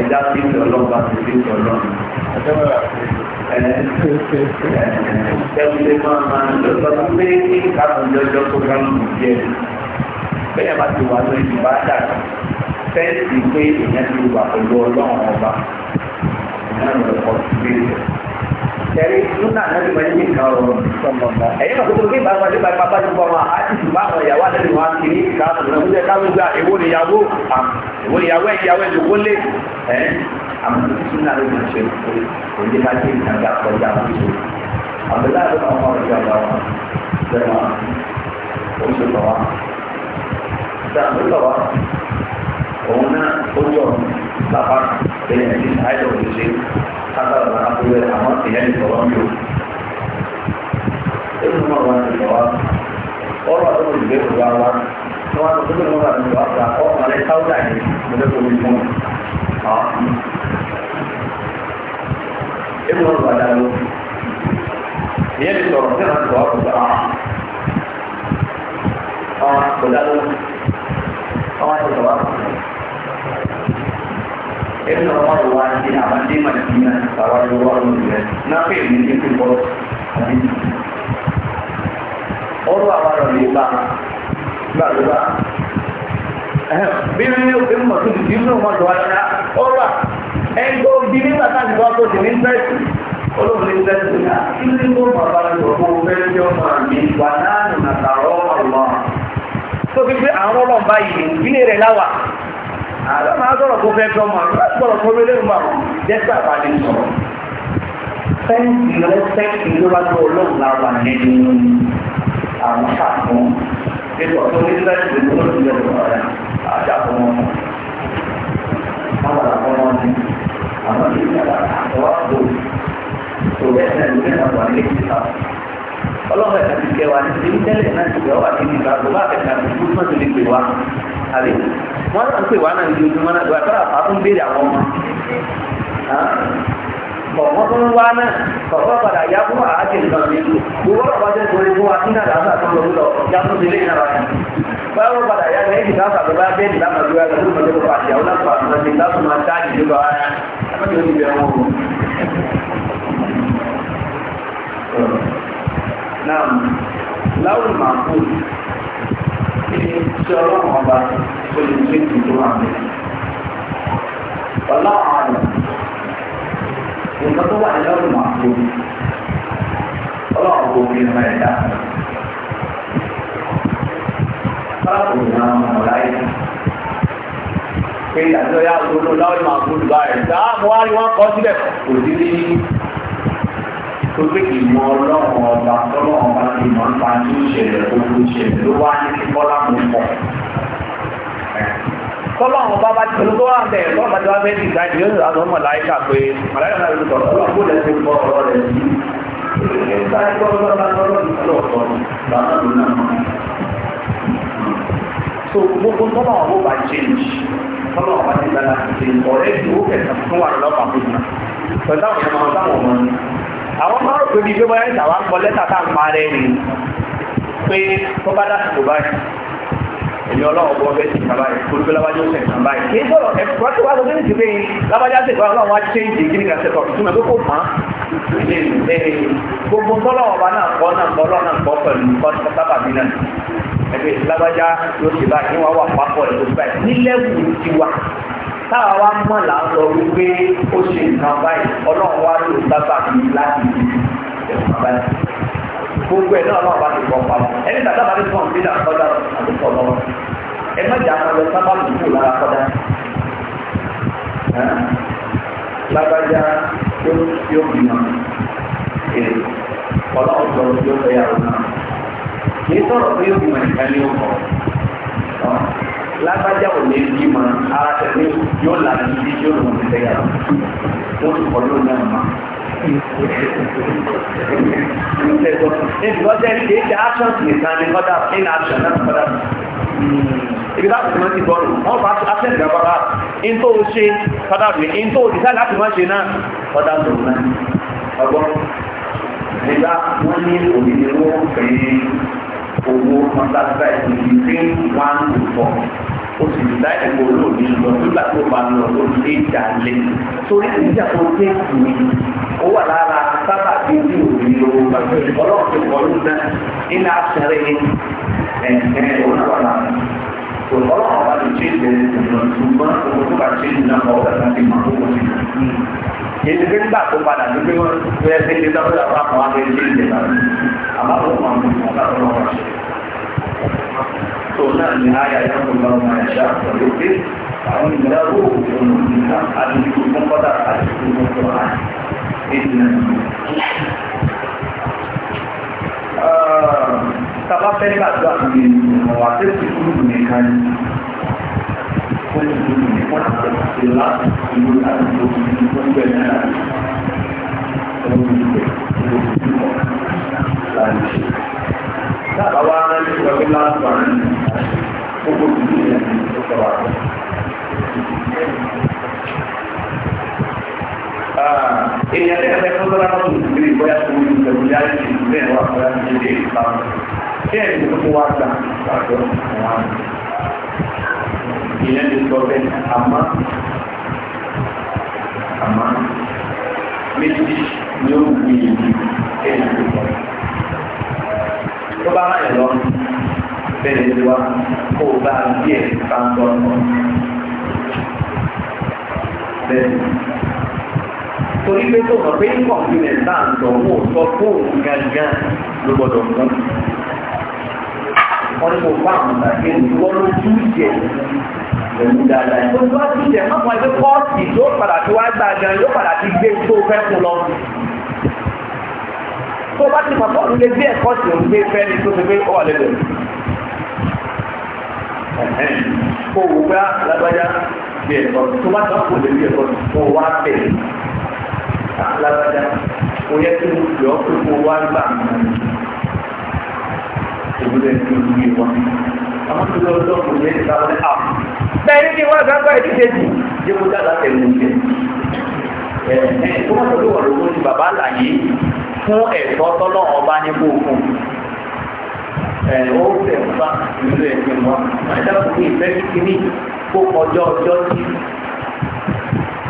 ẹja sí ìjọ ọlọ́pàá sí ìjọ ọlọ́run. Ẹ̀ẹ́dẹ́gbẹ̀rẹ̀ máa máa ń lọ sọ pé kí káàkiri lọ́jọ́ tó bá ń lù díẹ̀. Bẹ́ẹ̀ bá ti wà lọ ìdìbò àdàkà. Fẹ́ǹsì pé èèyàn ti wà pẹ̀lú ọlọ́run ọba. Ìyá mi lọ kọ́ sí ilé ìjọba ẹ̀rí sunnah náà ti máa ń yí kan ọ̀rọ̀ ẹ̀yìn kan tó tó gbé ìbámu àti ìbámu bá ti bọ̀ wọn kalau ti bá àwọn ibu àti ìwà ti ní káàtó náà wọ́n ká ló gba èwo níyàwó èwo níyàwó ẹ̀yàwó ẹ̀dùnkó lé ẹ̀ àmọ́ súnà ló máa ṣe kò ní láti ìtajà òun náà ó yọ̀ lápá ẹ̀yìn tí àìsàn kò ṣe látara bàbá tó rẹ̀ àwọn èèyàn wọn ti sọ̀rọ̀ ọ̀rọ̀ àti ọ̀rọ̀ ìgbé kò bá wa. Wọ́n á sọ pé wọ́n rà ní wàá gba ọ̀rọ̀ àlẹ́ yìí mo fẹ́ kóbi fún un. Ebi wọn dá lọ. Ìyẹn lè sọ̀rọ̀ sí àwọn àti wàá kò dá lọ. Kò dá lọ àwọn àti ìjọba ẹni lọ wá ìwà àti àwọn àti ìmọ̀ àti ìmọ̀ àwọn àti ìwà ọ̀rọ̀ ìrẹ̀ náà pé èmi ní kí n bọ́ àti ọ̀rọ̀ àwọn ọ̀rọ̀ lè bá gbà ló bá bí wọ́n ní òkè mọ̀ tó ti di inú wọn lọ wá ṣá ọ̀rọ̀ ẹni tó di nígbà táàbí wọn tó ti ní fẹ́ẹ̀sì olóògùn ní fẹ́ẹ̀sì náà kí ní kó bàbá rẹ̀ tó kó fẹ́ẹ́ tó fi pé àwọn ọlọ́run báyìí ìdílé rẹ̀ láwà àwọn máa sọ̀rọ̀ kó fẹ́ fẹ́ ọmọ sọ̀rọ̀ kó lé lẹ́nu báwọn dẹ́sẹ̀ àbálẹ̀ sọ̀rọ̀ fẹ́ǹsì rẹ́sẹ̀kì lọ́wọ́ ọlọ́run láwà nínú àwọn sàkún ètò ọ̀tún ní sẹ́ẹ̀sì ló ti lọ sọ̀rọ̀ rẹ̀ àjàkùn wọn. àwọn àkọ́ wọn ni àwọn ìgbà àtọwọ́ àbò tó rẹ̀ sẹ́ẹ̀sì ọlọ́run ẹ̀ka ti kẹwàá ní ṣe ń tẹ́lẹ̀ náà ti kẹwàá ti di ìgbà gbogbo àkẹ́kẹ́ àti ìlú náà ti lè pè wá àbí wọ́n náà ń pè wá náà ní ojoojúmọ́ náà gbogbo àtàrà àpá tó ń béèrè àwọn ọmọ bọ̀wọ́n tó ń wá náà bọ̀wọ́ padà yá fún àájẹ nǹkan mi gbogbo ọ̀pá jẹ́ torí fún wa sínú àdáńsà tó ń lọ lọ yá fún ilé ìrìn àwọn yìí báwo padà yá ní ẹ̀jì káfà tó bá dé ìlà màdúrà yàtọ̀ tó mọ̀lẹ́ kópa àti àwọn lápá àti mọ̀lẹ́ lọ ara ẹ̀mọ́tò ó ti bẹ̀rẹ̀ náà láwùjọ máa kú ní tí ọlọ́run ọba tó lè gbé ìdúró àmì ọlọ́run àrùn nǹkan tó wà ní láwùjọ máa kú ọlọ́run kò fi hàn ẹ̀dá báwo ni àwọn ọmọ láyé pé ìdájọ́ yá gbogbo láwùjọ máa kú báyìí sáà ah, mo wá rí wọn kọ́ síbẹ̀ kò sí ní tó pé ìmọ̀ ọlọ́run ọba ọlọ́run ọba ti mọ̀ nípa ní ìṣẹ̀lẹ̀ gbogbo ìṣẹ̀lẹ̀ ló wá ní kí bọ́lá mú pọ̀. tọ́lọ́run ọba bá ti pẹ̀lú tó wà ń bẹ̀ lọ́wọ́ bá ti wá bẹ́ẹ̀ ti gbájú yóò sọ àwọn mọ̀láyíkà pé mọ̀láyíkà náà ló sọ̀rọ̀ lọ́wọ́ kó lè fi gbọ́ ọ̀rọ̀ rẹ̀ sí. so gbogbo tọ́lọ́run ọba bá change tọ́lọ́run ọba ti gbára ọ̀rẹ́ ìdúró kẹsàn-án tó wà lọ́pàá àwọn máa rò pé bí gbé bọ́yá ìtàwà ń kọ lẹ́tà tá à ń parẹ́ ni pé tó bá dá sùkò báyìí èmi ọlọ́run bọ́ bẹ́ẹ̀ sì kà báyìí torí pé lábájá ó sẹ̀ kà báyìí kì í sọ̀rọ̀ ẹ̀fọ́ tó wá lọ sí ti bẹ́yìn lábájá sì kọ́ ọlọ́run wá chéǹjì kí ni kà sẹ́kọ̀ ìtumọ̀ tó kò mọ́ gbogbo tọ́lọ́wọ́ bá náà kọ́ náà kọ́ lọ́nà kọ́ pẹ̀lú sábàbí náà ẹgbẹ́ lábájá yóò ṣe báyìí wọ́n wà pápọ̀ ẹ̀ tó báyìí nílẹ̀ wù ú ti wà táwa wá mọ̀ là ń sọ wípé ó ṣe nǹkan báyìí ọlọ́run wá lò sábà bí láti ṣe nǹkan báyìí gbogbo ẹ̀ náà náà bá ti kọ́ pa ẹni tàbí àbájáde fún ọ̀gbìn náà kọjá àti kọ́ lọ́wọ́ ẹ má jà àwọn ọ̀sán bá lùkù lára kọjá lágbájá yóò yóò bìnà èrè ọlọ́run sọ̀rọ̀ yóò fẹ́ yàrá náà kì í sọ̀rọ̀ pé yóò bìnà ìkànnì yóò kọ̀ ọ́ lágbájá ò lè bí mọ ara tẹ̀lé yóò là ní ibi tí ó lòun ti tẹ̀yà lọ wọ́n ti kọ́ ló náà mọ́. Ìgbọ́dẹ̀ ṣe é ṣe actions nìkan ni kọ́dà in action náà kọ́dà. Hmm. Ibi láti fi máa ti bọ́ọ̀lù, wọ́n bá access gbà bàbá. In tó o ṣe kọ́dà rè, in tó o dìtà láti máa ṣe náà kọ́dà tó náà. Ọgbọ́n nígbà wọ́n ní òmìnira ó owó mọ́tàkì báyìí between one to four o sì ní láì wo olóòní lọ nígbà tó bá lọ o ní lè jà lé torí níjà tó dé kù ní ó wà lára sábà tí o ní òní lọ ọlọ́run ti kọ́ ló ná nínú àṣẹrẹ ní ẹ̀ẹ́dẹ́gbẹ̀rún ọ̀nà wà lára ọlọ́run bá ti ṣe ìbẹ̀rẹ̀ ìgbìmọ̀ ṣùgbọ́n òun tó bá ṣe ìdíná ọ̀gá láti máa tó wọlé èyí nígbà tó padà ní pé wọ́n fẹ́ ṣe ṣe sábẹ́ àwọn àwọn akẹ́kẹ́ ìjẹ̀bà àbáwọ̀ àwọn àwọn àwọn àwọn àwọn náà ní ayà yàtọ̀ lọ máa ṣá pẹ̀lú pé àwọn ìdáwó òun nígbà àdúgbò fún kọ́dà àti ìgbìmọ̀ tó wà nínú Tàbá fẹ́ gbàgbà ní ìwọ̀n wà tí ó ti kúrò nìkan ní. Ó ti kúrò nìkan àti láti ìlú láti tó ti ní tó ń bẹ̀rẹ̀ náà. Ẹ̀rọ ìgbẹ̀ ìlú ìlú ọ̀rọ̀ láti ṣe. Tàbá wá rán ní ìjọba láti wà nínú. Ele até vai controlar o mundo, ele vai assumir os familiares de governo, a frase dele, tá? Quem é que o WhatsApp? Ele é desenvolvendo a mão, a mão, méjì ni ó wù yìí ẹ̀yìn tó bá rà yẹn lọ bẹ́ẹ̀ ni wá kó o bá díẹ̀ bá ń bọ̀ ọ́. Bẹ́ẹ̀ torí pé tó mọ̀ pé kọ̀m̀pútà náà ń sọ wò sọ fóònù gángan ló gbọ́dọ̀ fún. Wọ́n ní mo bá àwọn àgbàgbé ìwọ́ ló túnjẹ pẹ̀lú dáadáa. Tó tó wá túnjẹ má pọn ẹgbẹ́ kọ́ọ̀sì tó padà tó wá gbà gan yóò padà ti gbé tó fẹ́ fún lọ. Tó bá ti mọ̀ fọ́ọ̀nù lé bí ẹ̀kọ́ sì ń gbé fẹ́ ni tó fi gbé ọ̀lẹ́lẹ̀ kó o gbá lágbájá bí ẹ̀kọ́ tó bá tó kò lè bí ẹ̀kọ́ kó o wá bẹ̀ lágbájá o yẹ kí o yọ ọ́ pé kó o wá gbà mí ìwúlẹ̀ ní ìwé wọn. Àwọn tó lọ sọ kò ní ìta wọn á. Bẹ́ẹ̀ni kí wọ́n gbàgbọ́ ìdíje jù. Ṣé mo dáadáa tẹ̀lé oúnjẹ? Ẹ̀ẹ́dẹ́gbọ́n tó wọ̀ lówó ni bàbá àlàyé fún ẹ̀tọ́ tọ́lọ́ ọba ní kó o fún ó fẹ́ fà nílò ẹ̀sìn wọn àdàkùn ní ìfẹ́ kíní kó ọjọ́ ọjọ́ tí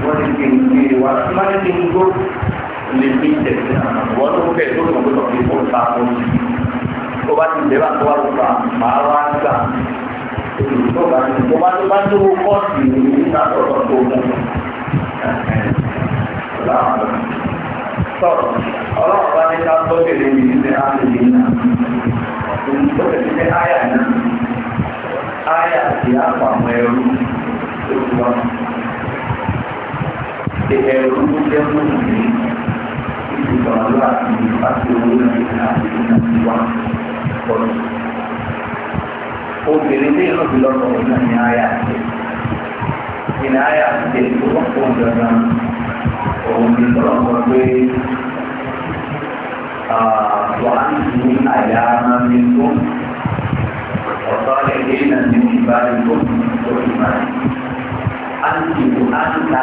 wọ́n ti fi ìgbé wa tí wọ́n ti fi gbó lè fi tẹ̀sí àwọn tó fẹ́ tó tó tó fi kó ta kó sí tó bá ti bẹ̀rẹ̀ àti wá lópa màá wá gbà tó bá ti tó bá tó bá tó kọ́ọ̀tì ní ìta tọ̀tọ̀ tó mú ọlọ́run bá ní ká tó kéde ní ìdílé àti ìdílé náà òun tó lè fẹ́ áyà náà áyà ti àpò àwọn ẹrú tó ti wá. Ṣé ẹrú ló jẹ́ fún mi? Ìgbà wọn láti pàṣẹ owó náà àti ìgbà wá ọ̀rọ̀. Obìnrin ní ìlú ìlọ́kọ̀ náà ní áyà ti. Ìnáyà ti ètò ọ̀pọ̀ ìjọba òun ní ìlọ́kọ̀ pé وعنه أيام منكم وصالحين من عبادكم وإيمان أنت أنت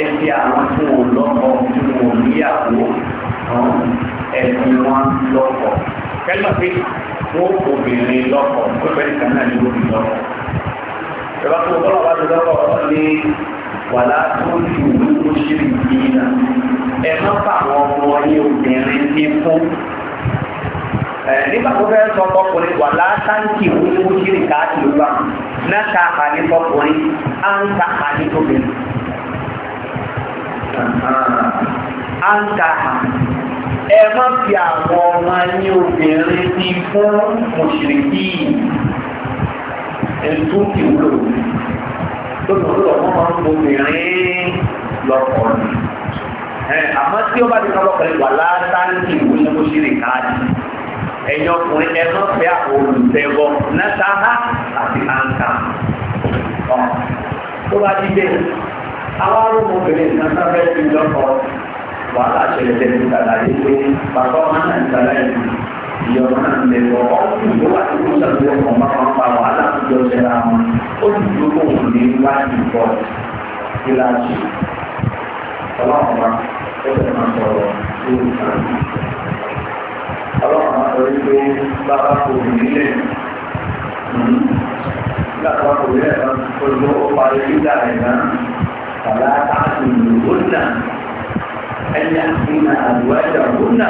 ẹtì àwọn tó wò lọ́kọ̀ tó wò níyàwó ẹtì wọn lọ́kọ̀ kẹ́lọ́ pé wọ́n obìnrin lọ́kọ̀ ó bẹ̀rẹ̀ kan náà ní obì lọ́kọ̀ ìjọba tó wọ́n bá ti lọ́kọ̀ ọ̀rọ̀ ní wàlá tó ju olóṣèlú yìí náà ẹ má fà àwọn ọmọ yín obìnrin ní fún nígbà tó fẹ́ sọ ọkùnrin wà látàǹkì wúlúwú kiri káàkiri wa náà ta àní ọkùnrin á ń ta àní obìnrin á ń ta àní ẹ má fi àwọn ọmọ yín obìnrin ní fún mùsùlùmí ètò ìwúlò lónìí lọ́wọ́ máa ń bọ̀ obìnrin lọ́kọ̀ọ́ni àmọ́ tí ó bá ti sọ́kọ̀ pẹ̀lú wà látàǹtì ìwé ní kó ṣírí káàdì ẹ̀yin ọkùnrin ẹ má fẹ́ olùsẹ̀wọ̀ nátáhá àti àǹkà tó bá ti dé àwọn arúgbóbìnrin náà sábẹ́ ti lọ́kọ̀ wàhálà ṣẹlẹ̀ lẹ́nu ìtàlá yìí pé bàbá ọmọ náà ìtàlá yìí ìyá ọmọ náà lè wọ ọkùnrin tó wà nínú ìṣàkóso ọkọ̀ máa ń pa wàhálà tó jọ ṣẹlẹ̀ àwọn ó sì dúró òun ní wájú ìbọn ìlàjì ọlọ́run máa ẹgbẹ́ máa sọ̀rọ̀ lórí kan. ọlọ́run máa sọ wípé bàbá kò nílẹ̀ nígbà tó bá kò nílẹ̀ náà tó ló ó parí nígbà rẹ̀ náà tàbí àtàkì ìlúgbónà ẹni àfihàn àdúrà ìjàmbónà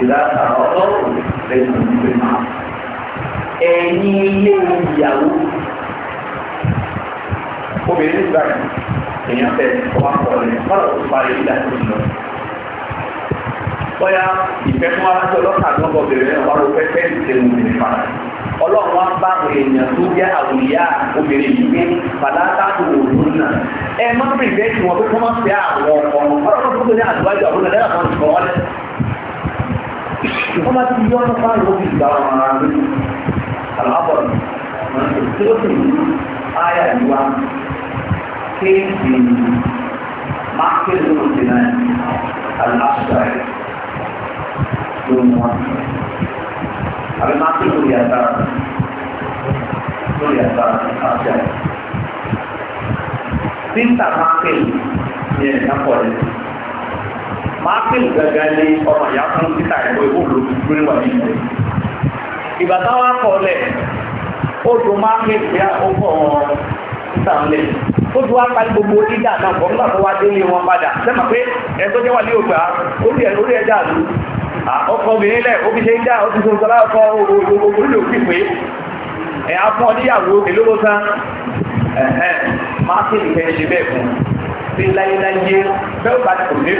ìlànà ọlọ́run lẹ́yìn ìgbé ẹ̀yin ilé ìyàwó obìnrin nígbà èèyàn fẹ́ ọba pọ̀ rẹ̀ bọ́lá tó parí ìdá tó ń lọ. bóyá ìfẹ́ fún aláṣọ ọlọ́kà tó ń bọ̀ bẹ̀rẹ̀ náà wàá fẹ́ fẹ́ ìṣẹ̀wò lè fà. ọlọ́run wá bá èèyàn tó jẹ́ àwòyá obìnrin yìí pé fàdákà tó wò ló ń nà. ẹ má pèsè tí wọn pé kí wọn fẹ́ àwọn ọmọ ọlọ́run tó tó ní àdúgbàjọ àbúrò náà wọ́n came the market of the land and asked to the market. Our market will be at that. Will be at that. Asked that. Pinta market. Yeah, that's what it is. Market gagal ni orang yang belum kita yang boleh hulu beri wajib. Ibadah apa oleh? Oh, rumah ni dia oh sísà ń lẹ̀ ó ti wá parí gbogbo dídà náà bọ̀ nígbà tó wá dé ní wọn padà sẹ́mà pé ẹ̀tọ́ jẹ́ wà ní ògbà orí ẹ̀ lórí ẹja àlú ọkọ̀ obìnrin lẹ̀ ó fi ṣe ń dá ó ti sọ sọlá ọkọ̀ orílẹ̀ òfin pé ẹ̀ á fún ọ níyàwó èlówó san máa sì ń fẹ́ ṣe bẹ́ẹ̀ fún sí láyéláyé fẹ́ ó bá ti kò ní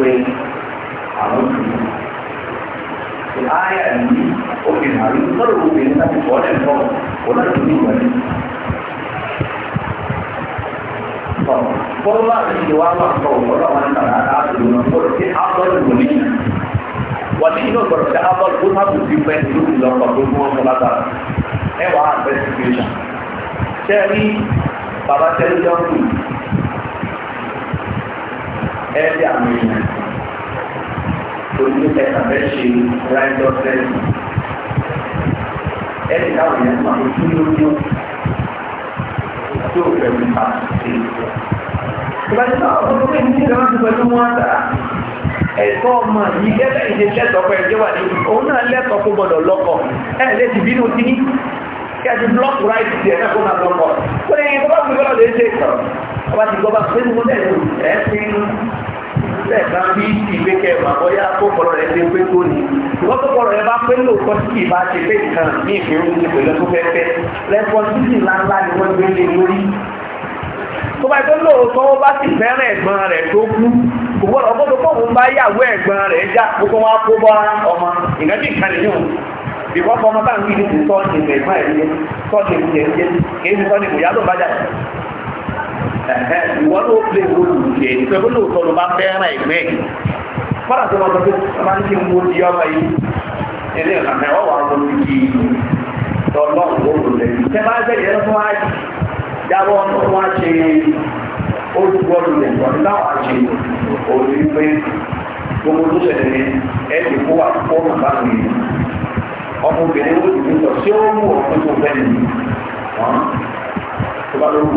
fẹ́ àwọn tó àyà yìí obìnrin àrùn sọ̀rọ̀ obìnrin láti kọ́ ọ́lẹ̀ fọ́ wọn láti ní ìwà ní. Fọ́lá ti wá wà sọ ọ̀rọ̀ àwọn ìtàrà àtàlù náà fọ́lá ti ábọ̀lù wò ní. Wọ́n ní inú ọ̀gbọ̀rọ̀ ti ábọ̀lù tó sábà ti pẹ́ ìlú ìlọ́pàá tó mú ọmọ látara. Ẹ wà á bẹ́ẹ̀ situation. Ṣé rí bàbá tẹ́lẹ̀ jọ́ọ̀kì? Ẹ bí àwọn èèyàn torí pé ẹ̀ka bẹ́ẹ̀ ṣe ráńdọ́ sẹ́yìn. ẹ̀rí táwọn èèyàn máa ń tún lójú tí ó fẹ́ mi pa sí. ìbájú náà ọ̀pọ̀ tó kéwì ní ìjọba ti pẹ̀lú wọn àtà ẹ̀kọ́ ọmọ yìí gẹ́gẹ́ ìṣe lẹ́tọ̀ọ́ pẹ̀lú ìjọba ní òun náà lẹ́tọ̀ọ́ kó gbọ́dọ̀ lọ́kọ̀ ẹ̀ lè ti bínú sí ní kí a ti block right ti ẹ̀ náà kó máa lọ́kọ̀ kó lè yẹ kó bá gbé gbọ́dọ̀ lè ṣe ìtọ̀ tẹ̀ bá bí ìwé kẹwà bóyá kó kọ̀rọ̀ rẹ̀ ṣe pé tó ní. ìwọ́n tó kọ̀rọ̀ rẹ̀ bá pé lóòótọ́ sí ìbá ṣe pé nǹkan ní ìpínlẹ̀ oúnjẹ pẹ̀lú tó fẹ́ fẹ́ rẹ́pọ́sítì ńláńlá ni wọ́n gbé lé lórí. tó bá tó lóòótọ́ ó bá sì fẹ́ràn ẹ̀gbọ́n rẹ̀ tó kú òwúrọ̀ ọgbọ́dọ̀ fóun bá yàwó ẹ̀gbọ́n rẹ̀ já gbogbo wọn kó bọ́ ọmọ ìnájú ìkànnìyàn bìkọ́ fọmọ táwọn kìí ti sọ́ọ̀tì ẹ̀gbọ́n ẹ̀ ìwọ lè wo olùjẹ ìfẹ́ bó lóòótọ́ ló bá fẹ́ràn ẹ̀gbẹ́ fọ́nà tó lọ́dọ̀ pé máa ń kí n wo di ọmọ yìí ilé ìlànà ẹ̀ ọ̀wà ló ti di tọ́lọ́ọ̀n tó lò lẹ́yìn tẹ́ bá jẹ́ ìyẹn fún wa jábọ́ fún wa ṣe olùgbọ́ lulẹ̀ ọ̀dún táwọn àṣe òní pé gbogbo tó ṣẹlẹ̀ ẹ̀ ti kó wà fún ọmọ bá mi ọmọbìnrin ó ti fi sọ sí ó mú òkú tó bá lóko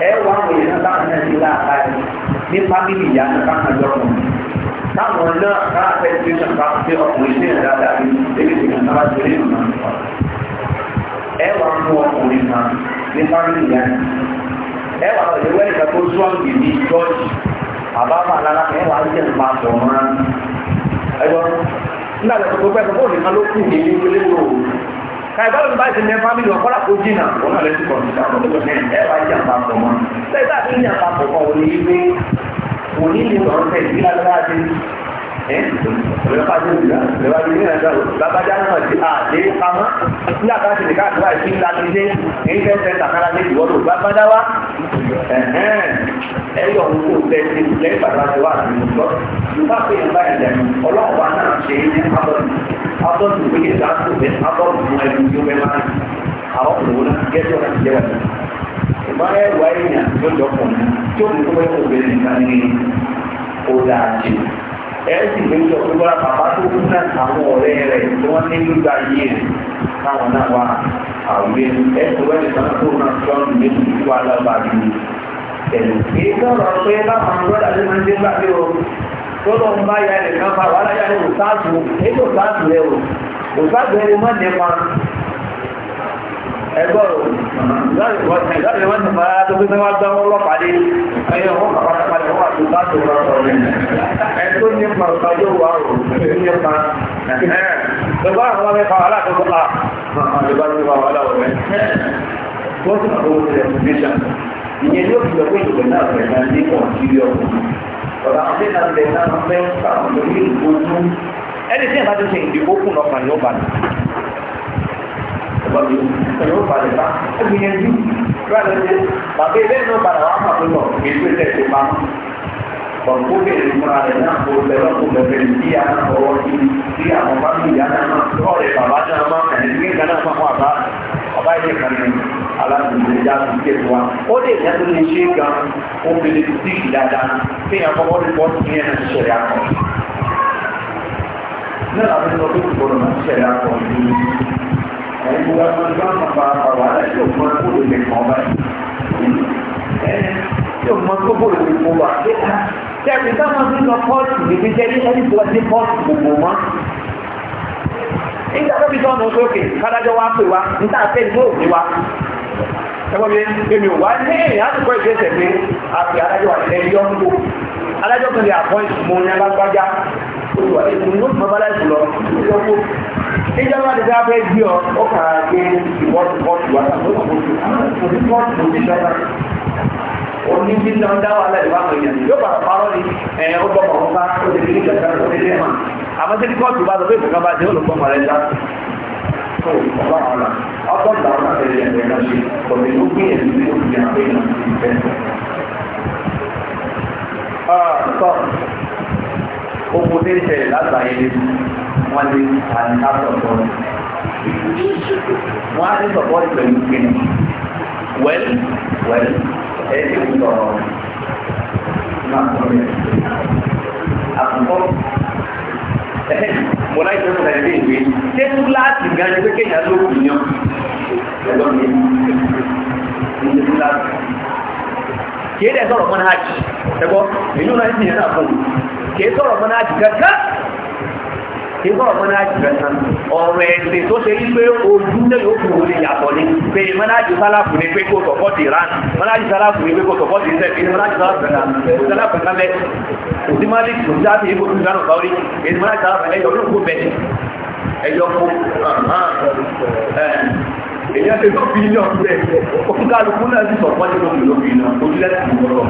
ẹ wá àwọn èèyàn láwọn náà ti láàbá yìí ní fámìlì ìyá náà káwọn àjọ kan táwọn náà káwọn fẹ́ẹ́ ti sọ fún pé ọkùnrin sí ẹ̀dá dàbí ebi tí wọn bá torí ìlú náà ẹ wá fún ọkùnrin náà ní fámìlì ìyá náà ẹ wá àwọn ìwé ìgbà tó sọ́ọ̀gì ní jọ́ọ̀jì àbábà lára ẹ wá jẹ́ nípa àtọ̀ mọ́ra ẹ wọ́n nígbà tó gbẹ́sọ̀ fóònù kàìbáwò ní báyìí ní fámìlì wọn kọ́lá kó jìnnà wọn náà lè ti kọ̀ nípa ọ̀dọ́ ní ẹ̀ bá jà papọ̀ mọ́ sẹ́yìn àti ní àpapọ̀ kan ò ní í pé kò ní lè sọ̀rọ̀ tẹ̀ sí lágbára dé ẹ̀ ọ̀lọ́pàá dé òbí lọ́wọ́ dé ní ẹ̀dá bàbájá náà ti àdé pamọ́ nígbà tá a ti lè káàkiri àìsí ńlá ti dé èyí fẹ́ fẹ́ tàkárá lé ìwọ́n ló bá ìgbà ìjẹun ọlọ́pàá náà ṣe é ní atau dibeli satu bed atau mulai tujuh memang awak mula ah, eh, dia tu orang jalan. Kemarin wainya tu jokong, cuma tu yang beli kami udah aje. Eh si beli jokong orang bapa tu pun kamu oleh oleh cuma ni tu dah ye. Kamu nak wah, awin eh tu yang sana tu nak jual ni jual lagi. Jadi kita orang tua lah, orang tua ada macam macam tu tó lọ ní bá ya ẹ̀ kan fa wàhálà yà ní òsáàtù èyí òsáàtù rẹ o òsáàtù rẹ ni wọ́n ní pa ẹgbọ́n o láti wọ́n ti fa tó fi wá gbọ́ wọn lọ́pàá dé ẹyẹ wọn kà pátá pátá wọn àti òsáàtù rẹ sọ̀rọ̀ ní ẹ tó ní pa ọ̀sá yóò wá o tó ní pa ẹgbọ́n àwọn ọmọ ẹ̀fà wàhálà tó kọ́ ìbá ti fa wàhálà wọ̀ mẹ́ wọ́n ti fa owó ti rẹ̀ fún ìyẹn ní òkè ìgbà pé ìgbà náà rẹ̀ náà ní ọ̀ọ́ ọ̀dà ọ̀sẹ̀ náà lè náà fẹ́ fáwọn lórí ojú ẹni tí ìbá ti ṣe ìdìbò kùn lọ́kàn yóò balẹ̀ ìbọ̀dù ìṣòro balẹ̀ bá ó fi yẹn jù lọ́dọ̀ ṣe bàbá ilé ìlú balẹ̀ wà pàtó lọ ètò ìṣẹ̀ bàbá ilé kan ní aláàbòsí ìjà àtúnṣe wa ó lè yẹn tó lè ṣe gan obìnrin tó dìkì dáadáa fi hàn kọ́kọ́ rìpọ́tù ní ẹ̀nà ìṣẹ̀lẹ̀ akọ. náà láti sọ pé ìgbọ̀nà máa ń ṣẹlẹ̀ akọ yìí ẹ̀yìn gbogbo àwọn ọmọdé máa ń fa àpàwọ̀ aláṣẹ òkú lè kàn ọ́ báyìí. ẹ tí o mọ ṣé ká tẹ̀sí tó wá dé pọ́ọ̀tù gbogbo nígbà tó ọmọ sókè kádájọ́ wá pè wá níta àfẹ́ ìmú òfin wá ẹgbọ́n mi èmi ní èyàn ìgbésẹ̀ pé àfi adájọ́ wà ní ẹjọ́ ń bò adájọ́ kan lè àpọ́ ìsúnmọ́ ní alágbájá olùwà òní tí sọ ń dá wàhálà ìwà àwọn èèyàn yóò bàrà parọ́ ni ẹ̀yìn ó gbọ́mọ̀ ń bá ó ti fi ní kẹta ó ti lé hàn àmọ́ sí kóòtù bá lọ pé ìbùkún bá ti ó lọ gbọ́mọ̀ rẹ̀ dá ọba ọ̀la ọgbọ́n ìgbà ọ̀la tẹ̀lé náà ṣe òní ó gbìyànjú ní òkùnrin àbẹ́ ìlànà ìfẹ́ tọ́ ogun ní ìṣẹ̀lẹ̀ látàáyé ní wọ́n lé àníkà sọ̀tọ̀ wọ́n á ní sọ̀tọ̀ wẹ́l wẹ́l ẹ̀yẹ́ tí kò sọ̀rọ̀ náà sọ̀rọ̀ yẹn. àkùkọ ẹ̀hẹ́ mo láì tó sọ̀rọ̀ ẹ̀dẹ́ ìwé ṣé tún láti gan ni pé kéèyàn ló kù yàn ẹ̀lọ́ mi ní ṣe tún láti. kì í dẹ̀ sọ̀rọ̀ mọ́nájì èyí náà ń sìn yẹn náà fún mi kì í sọ̀rọ̀ mọ́nájì kí n bọ̀rọ̀ mọ́nà àjùrẹ̀ kan ọ̀rọ̀ ẹ̀sìn tó ṣe rí pé ojú náà yóò fún olè yàtọ̀ ni pé mọ́nà àjù sálàfù ni pé kò sọ̀kọ́ ti rán mọ́nà àjù sálàfù ni pé kò sọ̀kọ́ ti sẹ́ fi mọ́nà àjù sálàfù kan kò sálàfù kan bẹ kò sí mọ́nà àjù sálàfù yìí kò sí sálàfù ẹ̀yọ́ ló kó bẹ ẹ̀yọ́ kó èyí á ti lọ fi ilé ọ̀pẹ òkúkálukú náà ti sọ̀kọ́ nínú òkè lóbi náà ojú lẹ́sìn ìwọ́rọ̀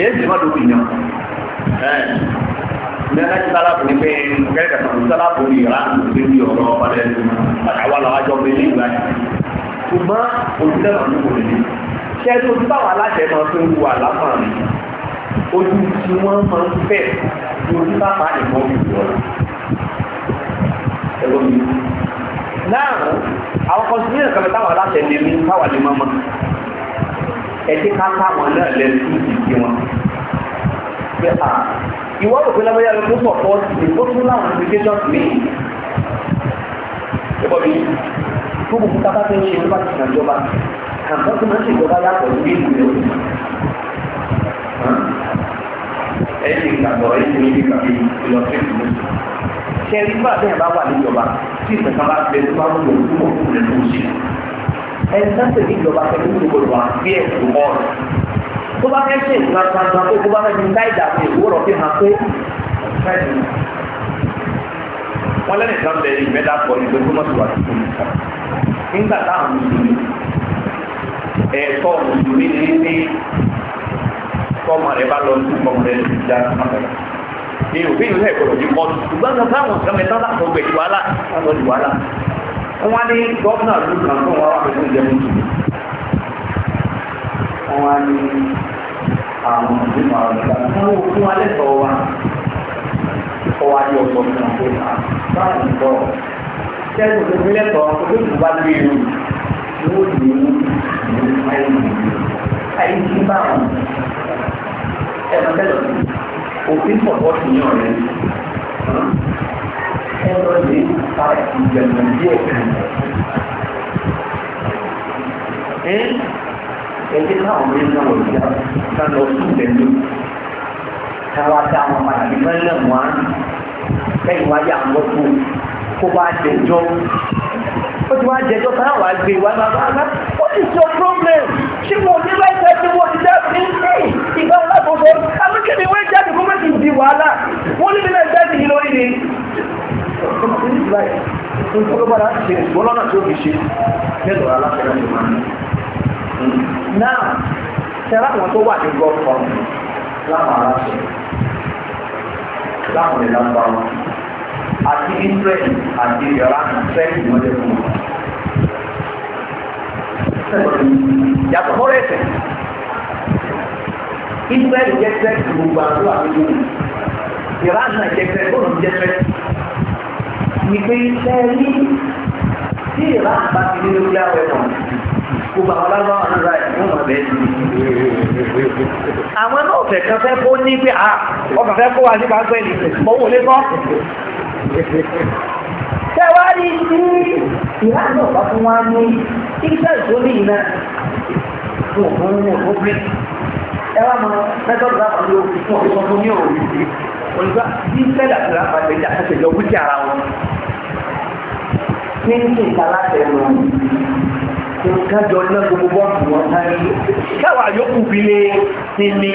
èyí ti má lóbi náà nana ti sara fún mi pé kẹ́lẹ́ kẹta fún sara fún mi yàrá mi bí ọ̀rọ̀ ọ̀pọ̀lẹ́ àtàwọn àwọn àjọ mi ní ìgbà yẹn ṣùgbọ́n òṣìṣẹ́ náà ló kò lè ní ṣẹ́ni ojú báwọn aláṣẹ máa fi ń wo àlámà mi ojú tí wọ́n máa ń fẹ́ ojú bàbá nìkan fi wọ̀ ẹ̀rọ mi. náà àwọn kọ́sìmíì kan táwọn aláṣẹ lè mí káwà lè mọ́mọ́ ẹ̀dí ká káwọn náà lẹ́nu ìdí wọn ìwọ rò pé lábẹ́yà ló tó pọ̀ pọ̀ sí ó tún láwọn application mi ẹ̀bọ̀ mi fún gbogbo tábà tó ń ṣe nípa ti ìjọba kàǹtà tó máa ń ṣèjọba yàtọ̀ ní ìlú rẹ̀ ẹ̀yìn ìgbàgbọ́ ẹ̀yìn ìgbàgbọ́ ìlọsẹ̀ ìlú kẹrin nígbà bẹ́ẹ̀ bá wà níjọba tí ìtẹ̀ka bá bẹ tó bá wù lò fún òkú rẹ̀ lóṣù ẹ̀ńtẹ́sẹ̀ níjọba pẹ̀lú gbogbo wa bí ẹ̀sùn ọ̀rọ̀ tó bá fẹ́ ṣe ìgbà gbangba pé tó bá fẹ́ di ní táìdà pé ìwúrọ̀ fi hàn pé wọ́n lẹ́nu ìgbà bẹ̀rẹ̀ ìmẹ́ta pọ̀ ní pé kó mọ̀ sí wà sí omi kan nígbà táwọn mùsùlùmí ẹ̀tọ́ mùsùlùmí ní ní kọ́mọ rẹ̀ bá lọ sí kọ́mọ rẹ̀ lórí ìjà àpẹẹrẹ ní òfin ìlú ẹ̀kọ́rọ̀ ní mọ́tò ṣùgbọ́n táwọn nǹkan mẹ́ta látọ̀ gbẹ̀ wọ́n wá ní àwọn ìlú àwọn ìgbà tí fún alẹ́ tọ̀ wa kọ́ wa ní ọ̀pọ̀ fún àwọn ìgbà ah, báwọn ń bọ̀ sẹ́yìn tó fi lẹ́tọ̀ olóòtú bá lé ìlú yóò lè mú ìlú ayé ìlú e ayé tí e báwọn ẹ̀rọ tẹ́lọ̀ òfin pọ̀ pọ̀ sí ní ọ̀rẹ́ ẹ̀rọ lè fa ìjẹ̀mọ̀ díẹ̀ kan ẹjẹ́ káwọn ọmọdé náà wọ̀ sí ká lọ sùn lẹ́nu káwá dá wọn padà ní mẹ́lẹ̀ wọn kẹ́yìn wá yà wọ́n tó kó bá what is your problem ṣé mo ní láìpẹ́ tí mo ti dá sí ṣe ìgbà alákòóso àbíkẹ́ni wọ́n jáde kó mẹ́sì di wàhálà wọ́n ní nílẹ̀ jáde yìí náà ṣẹlá àwọn tó wà ní gọ́ọ̀kọ́ láwọn aráṣẹ láwọn ìlànà wọn àti interest àti ìyọ̀rá interest ìmọ̀lẹ̀ fún wọn. yàtọ̀ mọ́rọ̀ ẹ̀sẹ̀ interest jẹ́ interest gbogbo àti àdúgbò ìyọ̀rá náà jẹ́ interest bọ́ọ̀lù jẹ́ interest ìpè iṣẹ́ tí ìyọ̀rá bá ti ní lórí àwẹ̀ náà gbogbo àwọn aláwọ̀ ara ẹ̀ wọ́n máa bẹ̀ẹ́ sí. àwọn náà fẹ̀ kan fẹ́ kó ní pé ah, ọkàn fẹ́ kó wa nípa pẹ́ ní mọ́wó lé kọ́. ṣé wàá rí sí fún wa ní iṣẹ́ ìtòlì iná fún òun ní òkúgbé. ẹ wá mọ mẹ́tọ́dù lápá ló fún ọ̀sán ní òòrùn kájọ náà gbogbo bọ́ọ̀dù wọn táyé káwà yókù bí lè ti ní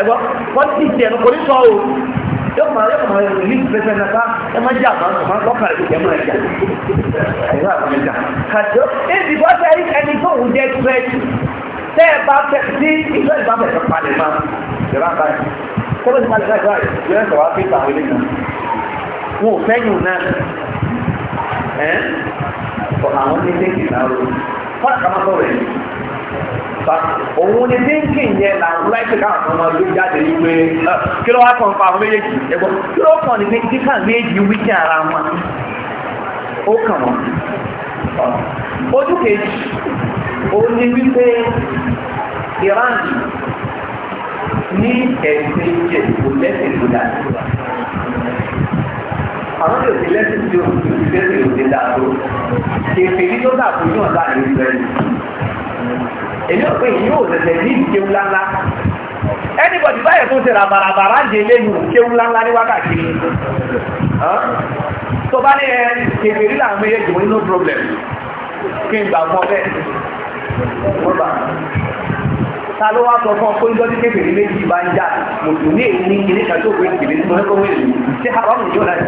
ẹgbọ́n wọ́n ti tẹ̀ ẹ̀nu kò ní sọ o yóò máa yóò máa rí pẹ́pẹ́ náà ká ẹ má jà máa máa lọ́kàn rẹ̀ kẹ́ máa jà ẹ̀rọ àwọn ẹ̀jà kàjọ èdè bọ́ sẹ́yìn ẹni tó ń jẹ́ tírẹ́tì tẹ́ ẹ bá fẹ́ sí ìfẹ́ ìbá fẹ́ palẹ̀ máa ìrọ̀ àbáyé kọ́lọ́ ti palẹ̀ láìpẹ́ yóò ẹ̀ sọ̀rọ̀ á fi ìtàwé lé kan wọn ò fẹ́ yùn náà sọ àwọn ní tẹ́ǹkì náà rò fún àkàmọ́ sọ̀rọ̀ ní tẹ́ǹkì yẹn là ń láìpẹ́ káwọn kan jáde yìí pé kí ló wá kàn fa àwọn méjèèjì ẹ̀gbọ́n kí ló kàn ní méjì kàn méjì wíkì ara wọn ó kàn wọn ojú kejì òun ní wípé Iran ní ẹ̀sìn jẹ̀ kò lẹ́sìn tó dáa àwọn tí òsì lẹ́sìn tí òsì lẹ́sìn òsì dà tó kèfèrí tó dà tó yóò dà ní ìsirẹ́lì èmi ò pé yìí yóò tẹ̀tẹ̀ ní ìkéwù ńláńlá anybody báyẹ̀ tó ń tẹ̀ra bàràbàrà ń délé ní ìkéwù ńláńlá ní wákàtí tó bá ní eh, kèfèrí làwọn méjèèjì wọn ní no problem kí n gbà fún ọ bẹ́ẹ̀ ta ló wá sọ fún ọ pé ìjọ tí kébèrè méjì bá ń jà mùsùlùmí èyí ní ilé kan tó gbé kébèrè tó lọ́kọ́ wẹ̀ lù sí àbámu yóò láti.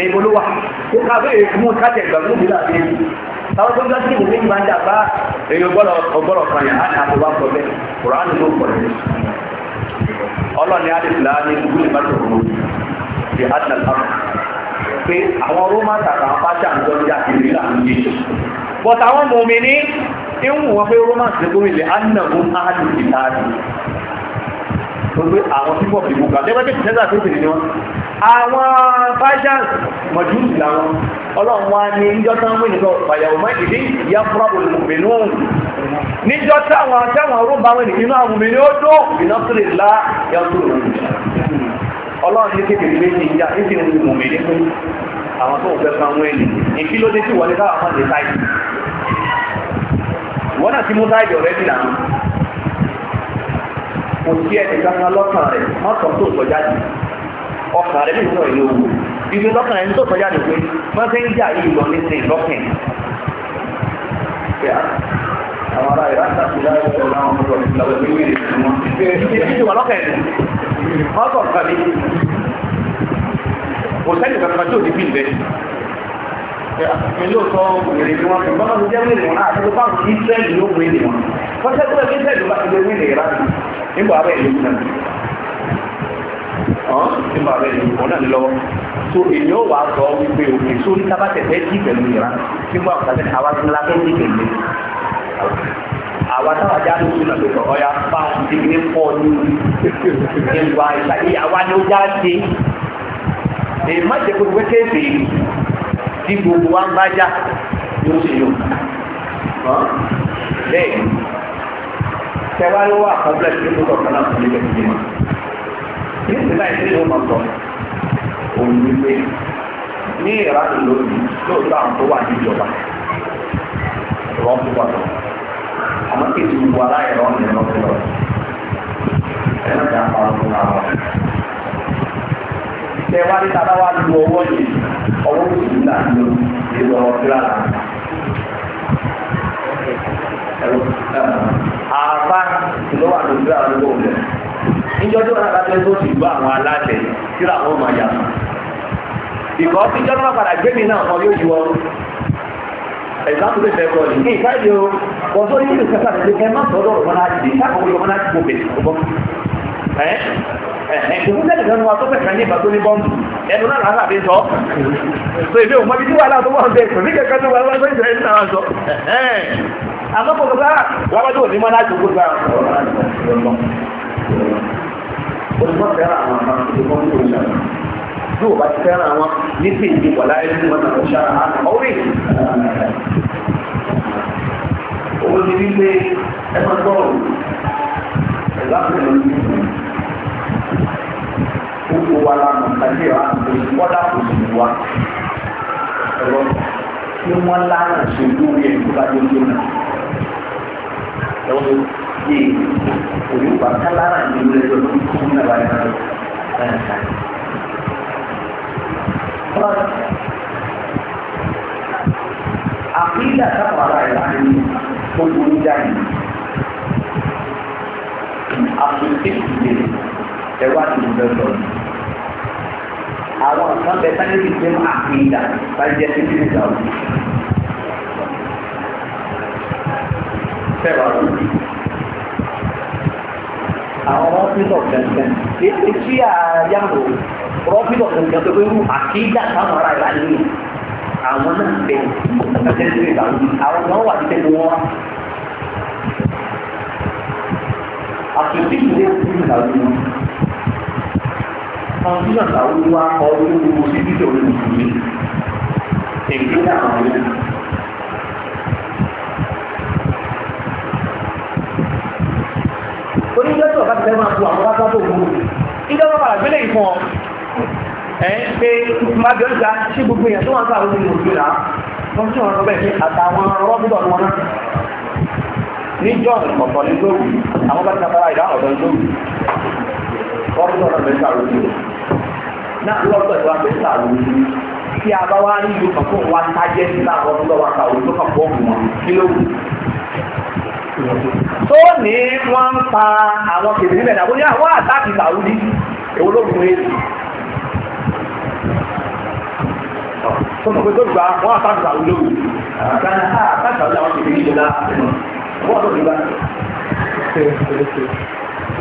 èèmọ̀ ló wà kó kábé mú kájẹ ìgbàgbọ́ mi láti ẹni táwọn tó ń jọ tí kébèrè méjì bá ń jà bá èèyàn gbọ́dọ̀ ọgbọ́dọ̀ kan yà ní àtọ́wá sọ bẹ́ẹ̀ kùránù ló pọ̀ lẹ́yìn ọlọ́ni adìsílá ní gúlì mẹ́tò kúrò ti adìsílá pé àwọn rómà tàbí apáṣà ń jọ jà kébèrè láàrin yìí but àwọn mòmí ní ìwọ̀n wọn pé romans lè gómìnà anna ó áàdù ìtaàdù tó pé àwọn pípọ̀ pípọ̀ kan lẹ́gbẹ́ tẹ̀sí tẹ́sà tó tẹ̀lé wọn àwọn fashions mọ̀júùsì làwọn ọlọ́run wa ní níjọ́ táwọn mú ìnìkan fàyàwó má ìdí ìyá fúra olùmọ̀mí nù níjọ́ táwọn táwọn ọrùn bá wọn ìnìkan àwọn mòmí ní ó dó ní kékeré méjì àwọn tó ń fẹ́ kan wọ́n ẹni èkí ló dé sí wọlé káwọn máa lè táìdì wọ́n náà ti mú táìdì ọ̀rẹ́ bì náà kò sí ẹni kankan lọ́kàn rẹ̀ má sọ tó sọ jáde ọkàn rẹ̀ nìkan ìlú owó ibi lọ́kàn rẹ̀ ní tó sọ jáde pé wọ́n fẹ́ ń jà yìí lọ ní sin lọ́kàn àwọn ará ìrà àti ìlà ìṣẹ̀lẹ̀ láwọn ọmọ ọ̀dọ́ ìlàwọ̀ ìwé ìrìn àwọn ìṣẹ̀lẹ̀ wọ́n sọ̀rọ̀ kò sẹ́ni kankan tí ò ti fi ìbẹ́ ìlú sọ wèrè ni wọn fi bọ́lá ti jẹ́ wèrè wọn náà àti bá wọn kí sẹ́ẹ̀lì yóò wèrè wọn fọ́sẹ́ tó ẹgbẹ́ sẹ́ẹ̀lì bá ti jẹ́ wèrè rà mí nígbà abẹ́ ìlú náà ọ̀n nígbà abẹ́ ìlú wọn náà lọ́wọ́ so èmi ò wá sọ wípé òkè sórí tábàtẹ̀fẹ́ dì já ló sún àgbẹ̀tọ̀ ọ̀ya fáwọn ti ní pọ̀ ní ìwà ìṣàkíyàwá ni ó já ṣe èyí má jẹ́ kó wẹ́kẹ́ ìbéèrè tí gbogbo wa ń bá já yóò ṣe yóò bẹ́ẹ̀ tẹ́wá ló wà kọ́ńtà tí ó tọ̀ kọ́ńtà tó lè bẹ̀rẹ̀ sí ma ní ìsinmi àìsí ìwọ́n máa sọ òun ní pé ní ìrántí lónìí lóòótọ́ àwọn tó wà níjọba ìwọ́n tó wà lọ àmọ́ kí ètò ìwà láyẹ̀rọ ọ̀nà ìrọ̀lọ́sọ̀rọ̀ ẹ̀ ń dá àwọn ọmọ náà wà tẹ wá ní tàbá wá lu ọwọ́ yìí ọwọ́ tó sì là ní ìlú ọ̀rọ̀ síra là. àbá ló wà lójú àwọn ọmọ òun rẹ̀ níjọ́ tí wọ́n náà láti tó ti gbọ́ àwọn aláṣẹ síra àwọn ọmọ yàrá. ìkọ́ tí jọ́nà padà gbé mi náà kan yóò ju ọrùn ẹ̀sán tó fẹ́ kọ́ ni. Ní ìfáyé o, wọ́n tó ní ìlú kẹta rẹ̀ ẹ má sọ̀rọ̀ ọ̀rọ̀ mọ́nájì, ìṣàkóso mọ́nájì kò bẹ̀rẹ̀ ọgbọ́n ẹ́ ẹ̀hẹ́ ìgbésẹ̀ nìkan ni wọn tó fẹ̀kàn ní ìgbà tó ní bọ́ǹbù ẹnu náà lára àbí sọ so èmi ò mọbi tí wàhálà tó wọ́n bẹ́ẹ̀ pẹ̀lú kẹ̀kẹ́ tó wọ́n bẹ́ẹ̀ sọ ẹ̀sìn àwọn sọ àmọ́pọ̀ tó wọ́n bá tó ní mọ́ láti gbogbo àwọn olùkọ́ fẹ́ràn àwọn kan olùkọ́ tó ń sàrà bí o bá ti fẹ́ràn àwọn ní sí ìdí wàlá ẹni tí wọ́n náà ń ṣára àná ọ̀rẹ́ òun ti wípé ẹ máa gbọ́ òun lábẹ́ lórí gbogbo wa la mọ̀ kájí wa kọ́dà kò sì wá ẹ̀rọ tí wọ́n lára ṣe lórí ẹ̀ tó bá dé tó nà ẹ̀rọ yé òní wà ká lára ní ìlú ẹ̀rọ tó kú ní àbá yẹn náà ẹ̀ka. Àpílẹ̀ àtàkùn ara ẹ̀ láti ní gbogbo oníjà yìí after fifty days ẹ̀rọ àti ìgbẹ́sọ̀ àwọn kan bẹ sáré ti jẹ́ àfi ìdá bá jẹ́ fifty days àwọn fẹ́ràn àwọn ọ́fíìsì ọ̀gbẹ̀gbẹ̀ èyí tí àyàwó ọ́fíìsì ọ̀gbẹ̀gbẹ̀ tó gbẹ́rú àkídà táwọn ará ìlànà àwọn náà bẹ̀rẹ̀ àtẹ́sílẹ̀ ìgbàlódé àwọn náà wà ní tẹ́lẹ̀ wọn àtúntìkì lè fi ìlànà yìí kọ̀ǹtínà táwọn wá kọ́ lórí gbogbo títí tó lè fi mí èmi náà wọ́n yẹn. onídẹ́sọ̀ bá ti fẹ́ máa bu àwọn bá tó wúlò ìjọba padà gbélé ìfọ̀n ẹ̀ pé máa bẹ̀rù ta ṣé gbogbo èèyàn tó wà ń sàrò nínú òjò rà wọ́n tún ọ̀rọ̀ bẹ́ẹ̀ pé àtàwọn rọ́bùdọ̀ ni wọ́n náà ní john ọ̀tọ̀ ní lórí àwọn bá ti kápára ìdá ọ̀tọ̀ ní lórí wọ́n tó lọ́dọ̀ mẹ́ta lórí náà lọ́dọ̀ ìwà mẹ́ta lórí tí a bá wá ní ìlú kan fún wa tájẹ́ sí láwọn tó wá ta òun tó kàn fún ọ̀gùn wọn kí ló wù. tó ní wọ́n ń pa àwọn kèdè nílẹ̀ náà bó ní àwọn àtàkì sàrúdí èwo ló gùn èyí. tó mọ̀ pé tó gbà wọ́n àtàkì sàrúdí lóru bọ́ọ̀lù ti bá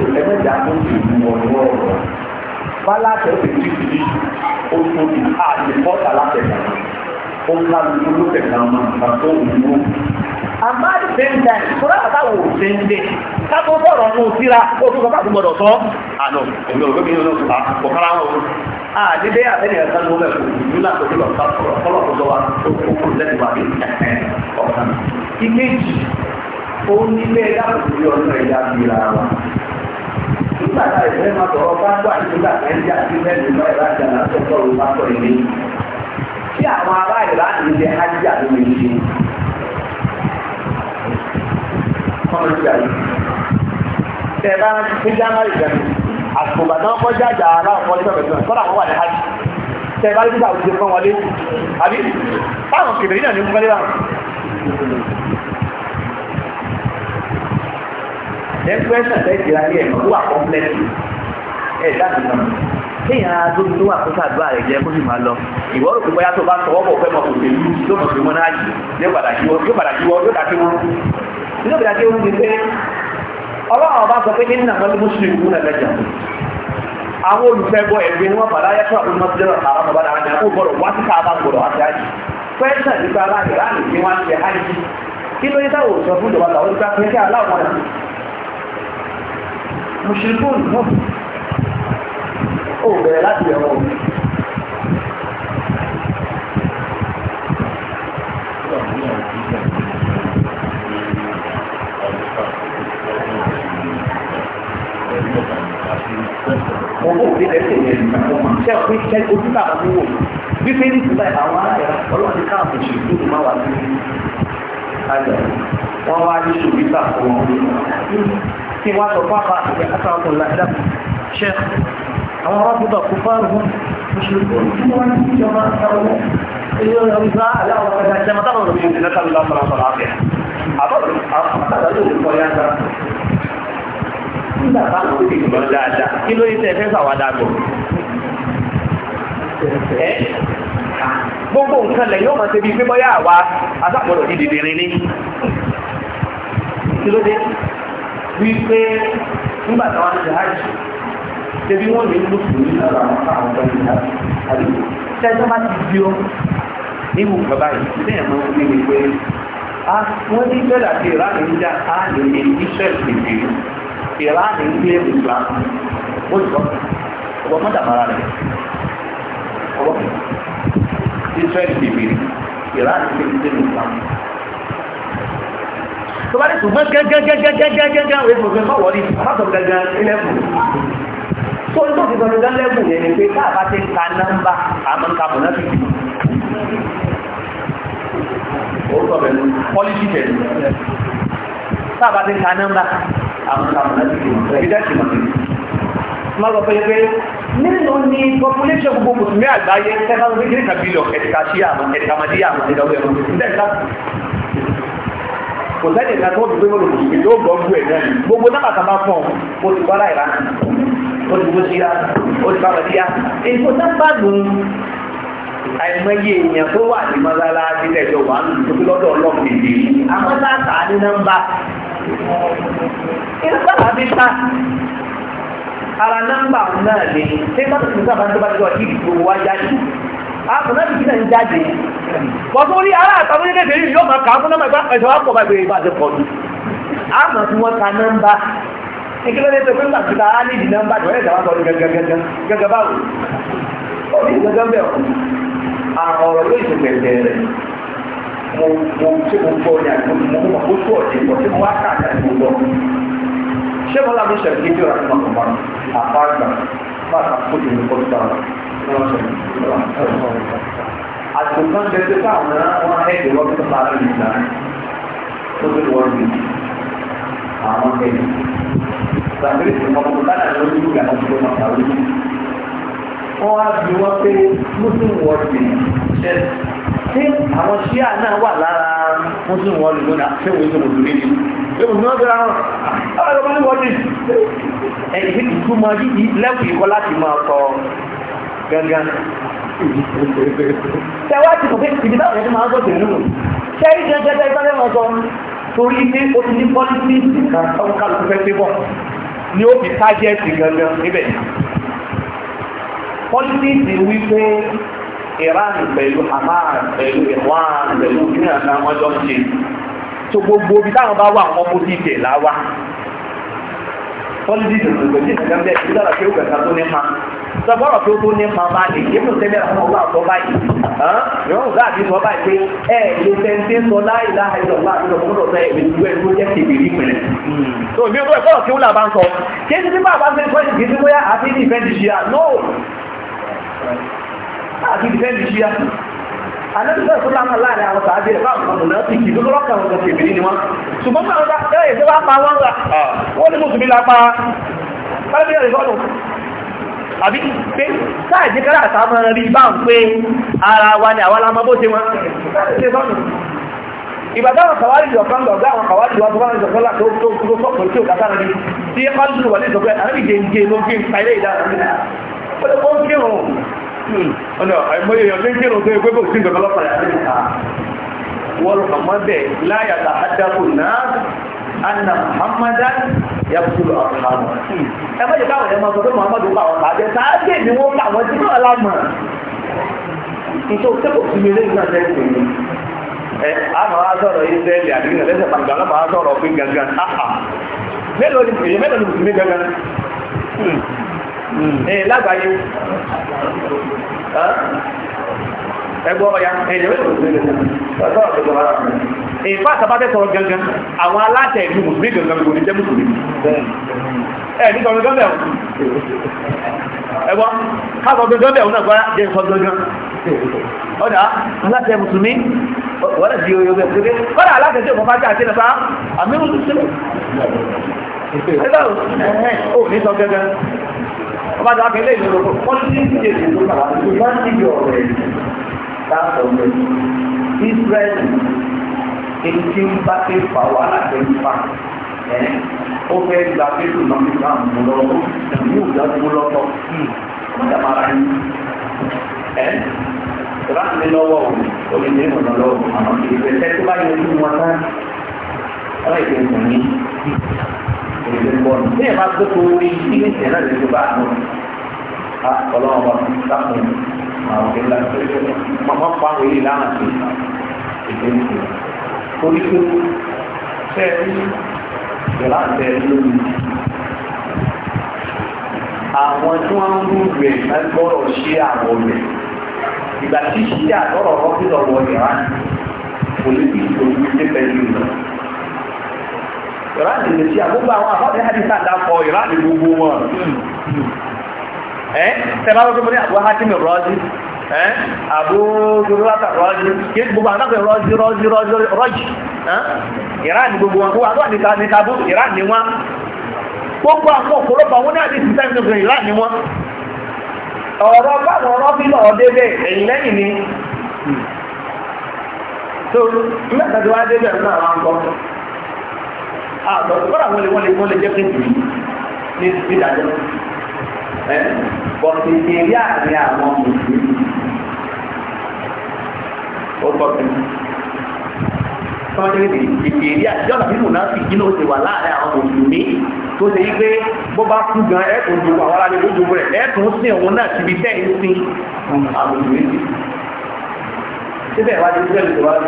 ẹ̀mẹ́jà tó ti mú ọ lọ́wọ́ ọ̀rọ̀ báláṣẹ ó ti ti ti ó tóbi àti bọ́ọ̀tà látẹ̀kà ó ń lálu olóòtẹ̀ kan mọ́ àtọ́ òwúrọ̀. àmọ́ àti same time kúrò àtàwọn òṣèǹde kátó bọ̀rọ̀ ọ̀nà òsíra ó tún kọ́kọ́ àtúgbọ̀dọ̀ sọ. àná èmi ò mi ní ọlọ́sùn bá kọ̀ kára wọn o. àdébé àbẹ́ni ẹ̀ka ló mẹ́ kò ní láti ọdún ó ní bẹ́ẹ̀ dáàbò sí ọ̀nà ìyá bí ra wa. nígbà tá ìfẹ́ máa tọ̀rọ̀ bá gbà nígbà tá ń jà sí mẹ́rin bá ìlà ìjà náà sọ̀tọ̀ ló bá sọ ìlú. kí àwọn ará ìlà ń jẹ ájíjà ló lè ṣe. kọ́nà ìjà yìí. tẹ bá ń fi jáná ìjà yìí. àtùkùgbà náà kọjá àjà ará ọ̀pọ̀ ní bẹ̀rẹ̀ sọ̀rọ̀ àwọn wà ní ájí. tẹ bá ń fi tẹ́ńpẹ́sà tẹ́jì láyé ẹ̀ wà kọ́ńpẹ́sì ẹ̀ dáàbò náà kéèyàn adóbi tó wà kó sàdúrà rẹ̀ jẹ́ kó sì máa lọ ìwọ rò pé bóyá tó bá tọwọ́ bọ̀ fẹ́ mọ kò tèlú tó mọ̀ pé wọ́n náà yìí yóò padà yíwọ́ yóò padà yíwọ́ yóò dàkí wọn. nínú ìdá tí ó ń gbé pé ọlọ́run ọba sọ pé nínú àwọn mùsùlùmí ìlú náà lẹ́jà àwọn olùfẹ́ bọ ẹ̀gbẹ́ ni wọ́n padà yẹ́sọ̀ àbúrò mọ́ sílẹ̀ àwọn ọba náà yà kó gbọ́dọ̀ wá sí káàbà gbọ́dọ̀ mùsùlùmí nù ó bẹ̀rẹ̀ láti ẹ̀rọ mi. Ọgbọ́n òbí ẹsẹ̀ yẹn ní ọmọ ṣẹ́ pé ṣẹ́ ojú náà ló wò. Bíbí ní ìtura àwọn aláìra ọlọ́run ní káàmù ṣe ìlú máa wà sí. Wọ́n wá ní ṣòwò ìgbà fún kí wá sọ pápá àti àtàkùn làdá ṣe àwọn rọ́bùtà kò fárùn mùsùlùmí tí wọ́n ti jọba àwọn ilé ọ̀rọ̀ aláwọ̀ kẹta jẹ́ mọ́tàlá ọ̀rọ̀ mi ìdílé kálù lọ́sọ̀rọ̀ àfọ̀rọ̀ àfẹ́ àbọ̀rọ̀ àtàlà yóò lè kọ́ yá sára nígbà bá lọ sí ìgbà dáadáa kí ló yẹ tẹ́ fẹ́ sàwádà gbọ̀ gbogbo nǹkan lẹ̀ yóò máa ṣe bí pé bọ́yá àwa asápọ̀lọ̀ ti dìdìrín ní kí ló dé wípé nígbà táwọn ṣe hajj ṣebí wọ́n lè lò fún nígbà àwọn àwọn ọ̀gbọ́n ìyá àbí tẹ́tọ́ bá ti bí ọ nínú bàbá yìí bẹ́ẹ̀ mọ́ ní ni pé ah, wọ́n ní bẹ́ẹ̀ àti ìran ń já a lè lè iṣẹ́ ìpèsè ìran ń gbé ìgbà ó jọ ọgbọ́n mọ́tà mara rẹ̀ ọgbọ́n iṣẹ́ ìpèsè ìran ń gbé ìgbà tó bá ní ṣùgbọ́n gẹ́gẹ́gẹ́gẹ́gẹ́gẹ́gẹ́ rẹ̀ fún ọgbẹ́ fọwọ́ ní àbátọ̀ gẹ́gẹ́ ilẹ̀kùn tó ní tó ti sọ gẹ́gẹ́ lẹ́kùn yẹn ni pé tá a bá ti ń ka nọ́mbà àmọ́ ń ka mọ̀ náà fi ó sọ pẹ̀lú pọ́lísì pẹ̀lú tá a bá ti ń ka nọ́mbà àmọ́ ń ka mọ̀ náà fi ìbí dẹ́sì mọ̀ má lọ pé pé nínú ni population gbogbo mùsùlùmí àgbáyé tẹ́lá ló fi kiri kàbílọ̀ ẹ̀ka sí àmọ́ ẹ̀ka màdíyà àmọ́ ẹ̀ka wẹ̀rọ kò sẹ́ni ìlànà tó dùn lórí mùsùlùmí yóò gbọ́ gbé ẹ̀ gbogbo náà bàtà máa fọ̀ o ti gbọ́ láìra o ti gbósí ya o ti bàbá sí ya èso náà bá dùn àìmọye èèyàn tó wà ní mọ́sálá nílẹ̀ tó wà nítorí lọ́dọ̀ ọlọ́run èdè àwọn ní nọ́mbà ìrúbà àbí ta ara nọ́mbà náà ni ṣé bá tó ti sábà tó bá ti wà àkànnáàbì kí náà ń jáde pọ̀tún orí ará àtàwọn onílẹ̀ èdè yìí yóò máa kà á fún náà máa ẹ̀jọ̀ wá pọ̀ bá ìbéèrè bá ti pọ̀ jù àmọ́ tí wọ́n ka nọ́mbà ìkílẹ̀ ní pé nígbà tí káà nídìí nọ́mbà tí wọ́n yẹ̀ dáwọ́ sọ̀rọ̀ gẹ́gẹ́gẹ́gẹ́ gẹ́gẹ́ báwo òní gẹ́gẹ́ bẹ́ẹ̀ ọ̀rọ̀ yóò ṣe pẹ̀lẹ́ rẹ̀ mo mo ṣe mo gbọ́ ní àgbọ̀ mo mọ̀ kó tó ọ̀dẹ̀ àpá àgbà bá a kà fún àtùkàn tẹ̀sí káwọn wọn ẹ̀jẹ̀ wọ́n tó parí nígbà tó tó wọ́n bí àwọn ẹ̀jẹ̀ gbàgbé ìfọ̀kọ̀ kánà ló ní ìgbà tó tó máa parí. wọ́n á bí wọ́n pé muslim world bí ṣe ṣé àwọn ṣíà náà wà lára muslim world lónà ṣé wọ́n tó mọ̀tò níbi ṣé wọ́n tó mọ̀tò náà àwọn ọmọ ní wọ́n ní ẹ̀yìn ìtumọ̀ yìí lẹ́kùn ìkọ́ láti máa sọ gangan tẹwàtí kò fẹ́ ibi táwọn ẹni máa ń sọ tẹ̀lú nù ṣẹ́rí gẹ́gẹ́gẹ́ ìtọ́lẹ̀ máa sọ torí pé ó ti ní pọ́lítì kan ọmọ fẹ́ pé bọ̀ ni ó fi tájẹ́ẹ̀tì gangan níbẹ̀ pọ́lítì ti wí pé Iran pẹ̀lú Hamas pẹ̀lú Iran pẹ̀lú kíníà náà wọ́n jọ ń ṣe tó gbogbo ibi táwọn bá wà wọ́n kó sí ìtẹ̀ sọgbọ́rọ̀ tó tó ní pàmò àlè yìí tó tẹ́lẹ̀ àwọn ọgbà sọ báyìí yọ̀ọ́ gbà bí sọ báyìí pé ẹ lè fẹ́ntẹ́ sọ láì láì lọ́gbà àti lọ́gbọ́dọ̀ sọ èmi ìlú ẹ̀ ló jẹ́ tèbèrè pẹ̀lẹ́. tó mi ò gbọ́dọ̀ tí ó là bá ń sọ kí ẹni tí bàbá fẹ́ sọ ìdí tí bóyá àti ní ìfẹ́ ti ṣíya no àti ìfẹ́ ti ṣíya àlẹ́sẹ̀ tó lámà láàrin àwọn tàbí ẹ̀ báwọn ọmọ náà ti kìí lọ́rọ̀ kan ọ̀gá tèbèrè ni wọn ṣùgbọ́n báwọn dá ẹ̀ ẹ̀ tó bá pa wọn rà wọ́n ní mùsùlùmí lápá báyìí ẹ̀rẹ̀ gbọ́dọ̀ àbí pé sáàjẹ́ kára àtàmà rí bá ń pé ara wa ni àwọn alamọ́ bó ṣe wọn ṣe sọ́nà ìbàdáwọn kàwàrí ìjọkan lọ̀gá àwọn kàwàrí ìwà tó bá ń sọ fọ́lá tó tó tó sọ́pọ̀ tí ó kàtà rí tí é kọ́ lùwà ní ìjọkan àrí ìjẹnjẹ ló fi ń pa ilé ìdára hmm, ọ̀nà àìmọye èèyàn tó ń kírun tó ẹgbẹ́ bò sí ìjọba lọ́pàá yàtọ̀ wọ́n lọ́pàá mọ́ bẹ́ẹ̀ láyàtà àdákùn náà anna muhammadan yakutulu ọ̀hánù. ẹ má jẹ́ káwọn ẹ̀ máa sọ pé muhammadu pa àwọn pàdé sáájì ni wọ́n pa àwọn tí wọ́n lámọ̀. ìṣó sẹ́kọ̀ sí mi lẹ́yìn náà sẹ́yìn pè mí. ẹ àmọ́ wá sọ̀rọ̀ israẹli àdìgbìn lẹ́sẹ̀ pàǹgà lọ́mọ́ wá sọ̀rọ̀ pé gangan áhà mélòó ni èyí mélòó ni mùsùlùmí gangan hmm. Hmm. ẹ lágbàáyé ẹgbọ́ ọ̀yá ẹ̀yẹ̀ ìfá gangan àwọn aláṣẹ ìlú mùsùlùmí gangan kò ní jẹ́ mùsùlùmí ẹ̀ ní sọ̀rọ̀ gangan bẹ̀rù ẹgbọ́ káàkọ̀ gangan bẹ̀rù náà gbára jẹ́ sọ̀rọ̀ gangan ọ̀dá aláṣẹ mùsùlùmí wọ́n di oyo bẹ̀rù láàtọ̀ rẹ̀ Ísírẹ́lì etí ń bá ké fà wàhálà tẹ̀ ń fà ẹ́ ó fẹ́ gba pẹ̀lú nọ́míkà mú lọ́wọ́ ìlú ìdájọ́ lọ́tọ̀ wọ́n dà máa ra yín ẹ́ eh, ìbáṣe mi lọ́wọ́ o lè ní ìmọ̀nà lọ́wọ́ àmọ́ ìgbésẹ̀ tó bá yẹ kí wọ́n tán ọ̀rọ̀ ìgbẹ́ ìgbọ̀nyí ìgbẹ́ ìgbọ̀nyí bí ẹ̀ bá gbé kó orí ìgbésẹ̀ náà lè tó bá àwọn ọlọ́run ọba sáfún àwọn òbí ńlá màmá pa àwọn èyí lánàá sí èdè nìkan torí pé sẹ́ẹ̀rí ìjọba àtẹ lórí àwọn tí wọ́n ń rú rẹ̀ lọ́rọ̀ ṣe àwọn rẹ̀ ìgbà tí ṣe àtọ́rọ̀ rọ́bìlọ̀ wọ ìran kò lè fi ìṣòro ṣe pẹ̀lú ìlọ. ìran lè lè ṣe àwọn àbábẹ́ àdìsá dápọ̀ ìran lè gbogbo wọn ẹ́ eh? tẹ́lá lọ́dún mọ́ ní àbúrò hákìmì rọ́ọ̀dì àbúrúwátà rọ́jí kí gbogbo àtàkùn rọ́jí rọ́jí rọ́jí rọ́jí ìran ni gbogbo wọn wà ní tàbí ìran ni wọn gbogbo àwọn òkúrọ́pọ̀ wọn náà ní sísẹ́ ìgbẹ̀rẹ̀ ìran ni wọn ọ̀rọ̀ báwọn ọ̀rọ̀ bí lọ débẹ̀ ẹ̀yìn lẹ́yìn ni tó mẹ́ta tí wọ́n débẹ̀ náà wọn kọ́ àtọ̀ kọ́ra wọn lè wọ́n lè jẹ́ pé ní ìdájọ́ ẹ bọ̀tìtì rí àárín àwọn mùsùlùmí ó tọ́jú tọ́jú ní ìdí rí àjọ́nà nínú náà sì kí ló ṣe wà láàrin àwọn mùsùlùmí tó ṣe wípé bó bá kú gan ẹ̀kùn ju àwọn aráàlú lójú rẹ̀ ẹ̀kùn sí òun náà síbi tẹ́ ń sin àwọn mùsùlùmí síbẹ̀ wájú síbẹ̀ lè wájú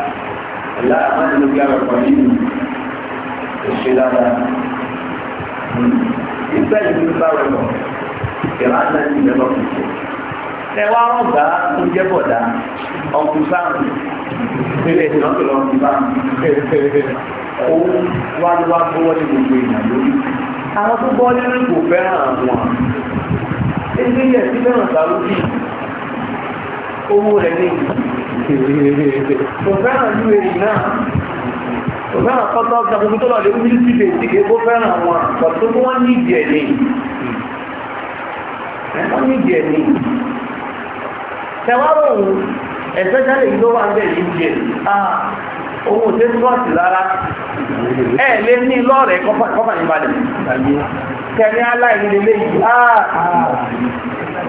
لا أمد لك قليل الشلالة يبقى من بارك ìrànlẹ́ ti lẹ́lọ́ fi ṣe. Ẹ wá rán ọ̀gá tó jẹ́ bọ̀dá ọkùn sáàmù. Ilé ìsìn náà tọ̀lọ̀ ọkùn sáàmù. Òun wá ní wá gbówọ́ ní gbogbo èèyàn lórí. Àwọn tó bọ́ nínú kò fẹ́ràn wọn. Ilé yẹ̀ sí fẹ́ràn sàrúbì. Owó rẹ̀ ní ìlú kò fẹ́ràn ìlú èyí náà kò fẹ́ràn kọ́tọ́ ọ̀gbọ̀n tó lọ lè wúlú sí bèèdì kò fẹ́ràn wọn pàtó kí wọ́n ní ìdí ẹ̀ní wọ́n ní ìdí ẹ̀ní tẹwárò òun ẹ̀fẹ́ sálẹ̀ yìí ló wà ń bẹ̀ yìí jẹ́ ohun òṣè trọ́ọ̀tì rárá ẹ̀ lé ní lọ́ọ̀rẹ́ kọ́fà ní balẹ̀ kẹ́ni aláìlélẹ́yìí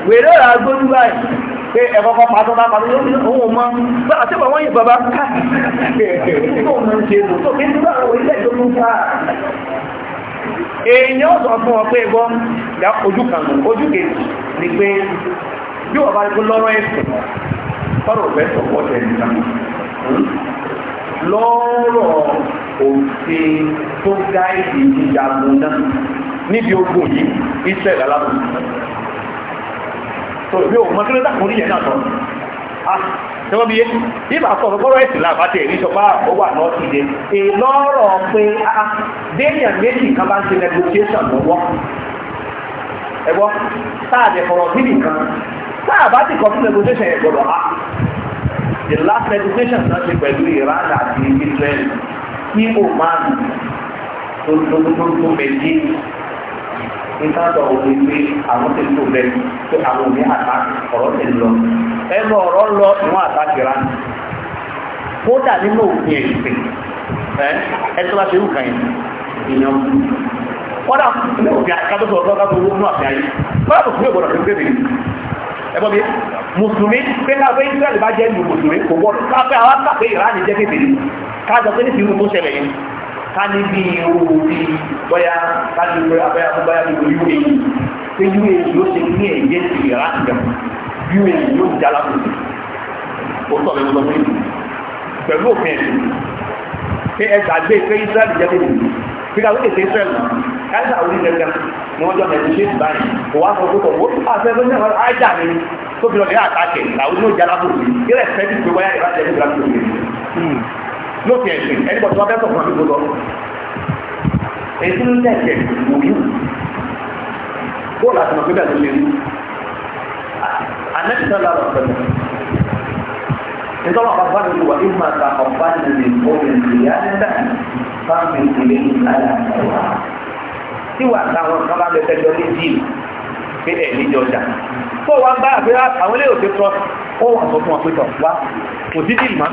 wèrè rà gbójú pé ẹ̀kọ́kọ́ pàtó bá pàtó ohun mọ́ bá àti bàwọn yìí bàbá ká èèyàn sọ fún ọ pé ẹgbọ́ ojú kan ojú kejì ni pé bí wọ́n bá rí kó lọ́rọ̀ ẹ̀sìn fọ́rọ̀ ọ̀fẹ́ sọ̀pọ̀ tẹ̀lé náà lọ́rọ̀ òfin tó gáìdì ìjagun náà níbi ogun yìí ìṣẹ̀lẹ̀ alábùkù tó ìwé òun mọ́ kí ló dàkún oníyẹn náà sọ tẹ́wọ́ bí yé bá sọ̀rọ̀ bọ́rọ̀ ẹ̀sìn láàbá tẹ̀ ní sọpá ó wà náà ti dé ìlọ́rọ̀ pé déèyàn méjì kan bá ń ṣe negotiation lọ́wọ́ ẹ̀wọ́ sáàdì ọ̀rọ̀ bíbì kan sáàbá ti kọ́ sí negotiation yẹn the last negotiation náà ṣe pẹ̀lú Iran àti Israel kí o máa lò lò lò lò ìtàtọ̀ òní pé àwọn ti tó bẹ́ẹ̀ pé àwọn òní àtà ọ̀rọ̀ ti lọ ẹgbẹ́ ọ̀rọ̀ lọ ìwọ̀n àtà kìlá kódà nínú òfin ẹ̀sìn ẹ ẹtọ́ láti rú kàn ìyàn kódà nínú òfin àkàtúntò ọ̀rọ̀ ká tó wó nú àfihàn yìí kódà tó fún ìgbọ̀dọ̀ tó gbé ẹgbọ́ mi mùsùlùmí pé káfẹ́ israẹli bá jẹ́ ìlú mùsùlùmí kò gbọ́dọ̀ káfẹ́ àwọn káfẹ́ ìránì jẹ́ kékeré káàdọ̀ pé ní ṣẹlẹ̀ yìí ká ní bí owó bí bóyá ká ní bí abẹ́yà tó báyà tó uae pé uae yóò e ṣe ní èyí ti ìrà ìjọ uae yóò já lápòtò ó sọ mi lọ́wọ́ nínú pẹ̀lú òfin ẹ̀sìn pé ẹ gbàgbé pé Israel jẹ́ bèbè pé ká lókè sí Israel káyọ̀tà orí gẹ́gẹ́ ni wọ́n jọ ẹ̀sìn ṣe báyìí kò wá sọ pé kò wọ́n àfẹ́ fún ẹ̀rọ ajá mi tó fi lọ lókè ẹ̀sìn ẹnìbọ̀tí wọn fẹ́sọ̀ fún àdúgbò lọ èyí ń tẹ̀sẹ̀ wòyú bóòlù àti mọ̀ pípẹ́ ló lè rí anẹ́tìsán lára ọ̀sẹ̀ nítorí àwọn bàbá mi wà ní máa ta ọ̀pá nílé omi ìyá nígbà fáwọn ìpínlẹ̀ ìlànà àtàwà tí wà táwọn kan bá lẹ́sẹ̀ jọ ní jíì pé ẹ̀ níjọ ọjà tó wá bá àgbéra àwọn ilé òkè tọ́ ó wà sọ fún ọ pé tọ̀ wá kò sí jíì máa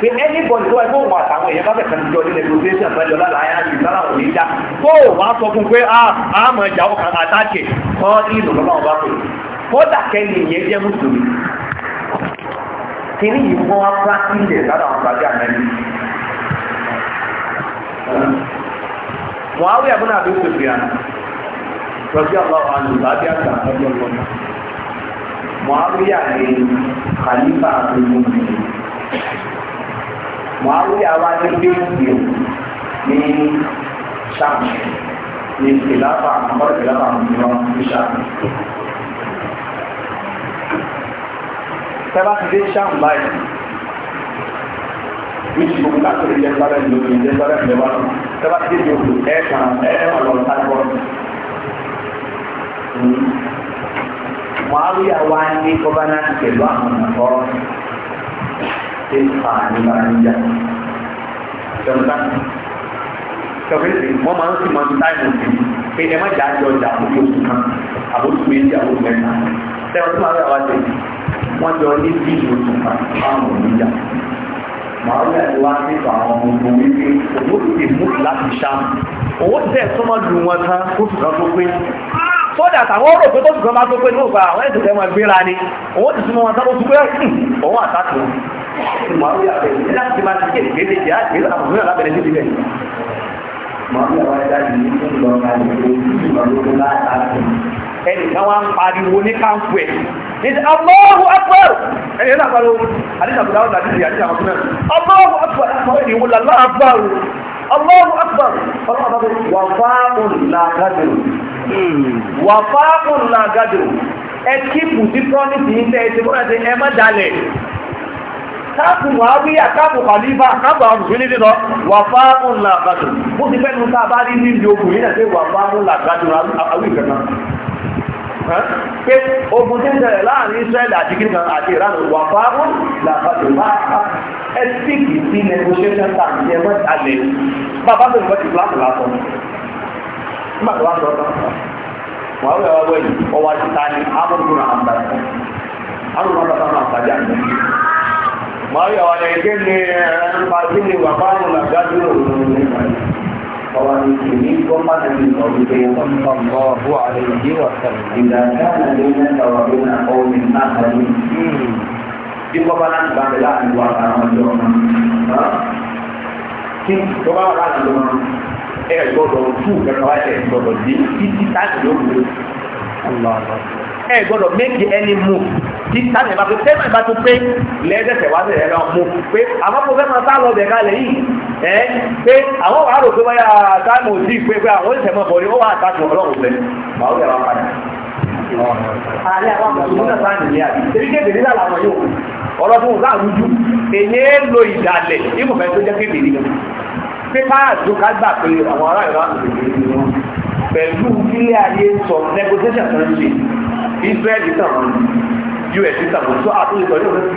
pé anybody tó wáyé fún òun àtàwọn èèyàn bá fẹ̀ kàn jọ ní negotiation fẹ́ jọ lálàá yára ju òní já tó wà á sọ fún pé ah, a mọ̀ ìjà ọkàn àtàkì kọ́ ìlú lọ́wọ́ wọn pè kódà kẹ́ni ìyẹn jẹ́ mùsùlùmí kìíní yìí wọ́n wá practice ẹ̀ sára àwọn pàdé àmẹ́lí Muawi abúlé àbí Sufyan rọ̀bí ọlọ́wọ́ alùbábí àgbà ọjọ́ lọ́nà Muawi àgbè Khalifa àbúrò Muawiya wá ní bíìsì ní ṣáàmù ní ìlàpà àkọ́kọ́ ìlàpà àmúlọ́ ní ṣáàmù. Tẹ́lá ti dé ṣáàmù báyìí. Which you can actually get better than you can get better than the one. Tẹ́lá ti dé ìlú ẹ̀ka ẹ̀ka ìfà nígbà níjà jọ̀ǹda kẹfẹ́sì wọ́n máa ń sì máa ń táìmù sí pé ẹ má jà á jọ ọjà àbójú oṣù kan àbójú méjì àbójú mẹ́ta tẹ́wọ́n tí máa rẹ̀ wá sí wọ́n jọ ní bíìlì oṣù kan fáwọn oníjà màá rẹ̀ wá sí àwọn ọmọ ogun wípé owó ti ti mú láti ṣáàmù owó ti tẹ̀ tó máa lu wọn tán oṣù kan tó pé sódà táwọn rò pé tó ti kan máa tó pé ní òkú àwọn ẹ̀sìn tẹ́ máa gbéra ni owó ti súnmọ́ wọn tán ó ti pé hmm, òun àtàkùn mọ̀ọ́bí àbẹ̀ ní láti máa ti ké ìgbélé jẹ́ àti àbùkù náà lábẹ́rẹ́ níbi bẹ́ẹ̀. mọ̀ọ́bí àwọn ẹ̀dá yìí ń lọ ka ìgbélé ìgbàlódé láàárín. ẹnì kan wá ń pariwo ní káńpù ẹ̀ ní ti Allahu Akbar ẹni náà pariwo àdìsá àbúdá ọ̀nà àdìsá àdìsá àbùkù náà Akbar àwọn ènìyàn wọlé aláàbàrò Allahu Akbar ọlọ́run wàfáàmùn làgàdùn wàfáàmùn làgàdùn ẹ kí bùdí promise yìí tẹ́ ẹ ti mọ́ra ṣe ẹ má dalẹ̀ káàpù muhawiya káàpù khalifa káàpù àwọn òṣèlú lílọ wà fáwọn làgbàdo mo ti fẹ́ nu tá a bá rí níbi ogun yìí náà pé wà fáwọn làgbàdo àwọn ìkẹta pé ogun tí ń ṣẹlẹ̀ láàrin Israẹli àti kíkan àti Iran wà fáwọn làgbàdo bá ẹ sì kì í sí negotiation time ẹ mọ́ àlẹ́ bàbá mi ìwọ́n ti fúláàpù lásán nígbà tó wá sọ ọ́ tán muhawiya wá wẹ̀yìn ọwọ́ àti tani amúnú Mọ́ríà wà lẹ́gbẹ́ ní ẹ̀rẹ́mpa ni bàbá ní Màgájú Ọwà ní kì ní gọ́mọ̀nà ní ọ̀gbẹ̀ ọmọ ọ̀bọ̀ àrẹ ìdí wọ̀sẹ̀lẹ̀. Ìdàgbà náà ló ń tọrọ bí na ọmọ náà ní. Bí gọ́mọ̀nà ti bá bẹ̀rẹ̀ àti wà láwọn ọjọ́ ọmọ. Kí gọ́mọ̀nà wà láti lọ ẹ gbọ́dọ̀ tú kẹta wá ẹ gbọ́dọ̀ dé títí táàkì lóko. Ẹ make any move tí sáré bá pé sẹ́mi bá tó pé lẹ́ẹ̀dẹ̀sẹ̀ wá sí ẹ̀rọ mo pé àwọn mo fẹ́ máa sá lọ bẹ̀ kalẹ̀ yìí ẹ pé àwọn wàá rò pé wáyà táìmù òsì pé pé àwọn oníṣẹ́ mọ̀ bọ̀rí ó wà àtàkùn ọlọ́run fẹ́ màá ó yẹ wá padà. àlẹ́ àwọn mùsùlùmí náà sáà nìyẹn àbí ebi kébèrè náà làwọn yóò ọlọ́dún ọ̀gá àrújú èyí lo ìdàlẹ̀ ìmọ̀fẹ́ tó jẹ́ kébèrè náà pé káàdùn ká gbà pé àwọn ará ìlú àti kébèrè ni wọn pẹ̀lú ilé ayé sọ negotiation kan ṣe Israel tàn wọn us ìtàkùn ah, tó àtúnyẹ sọ yóò náà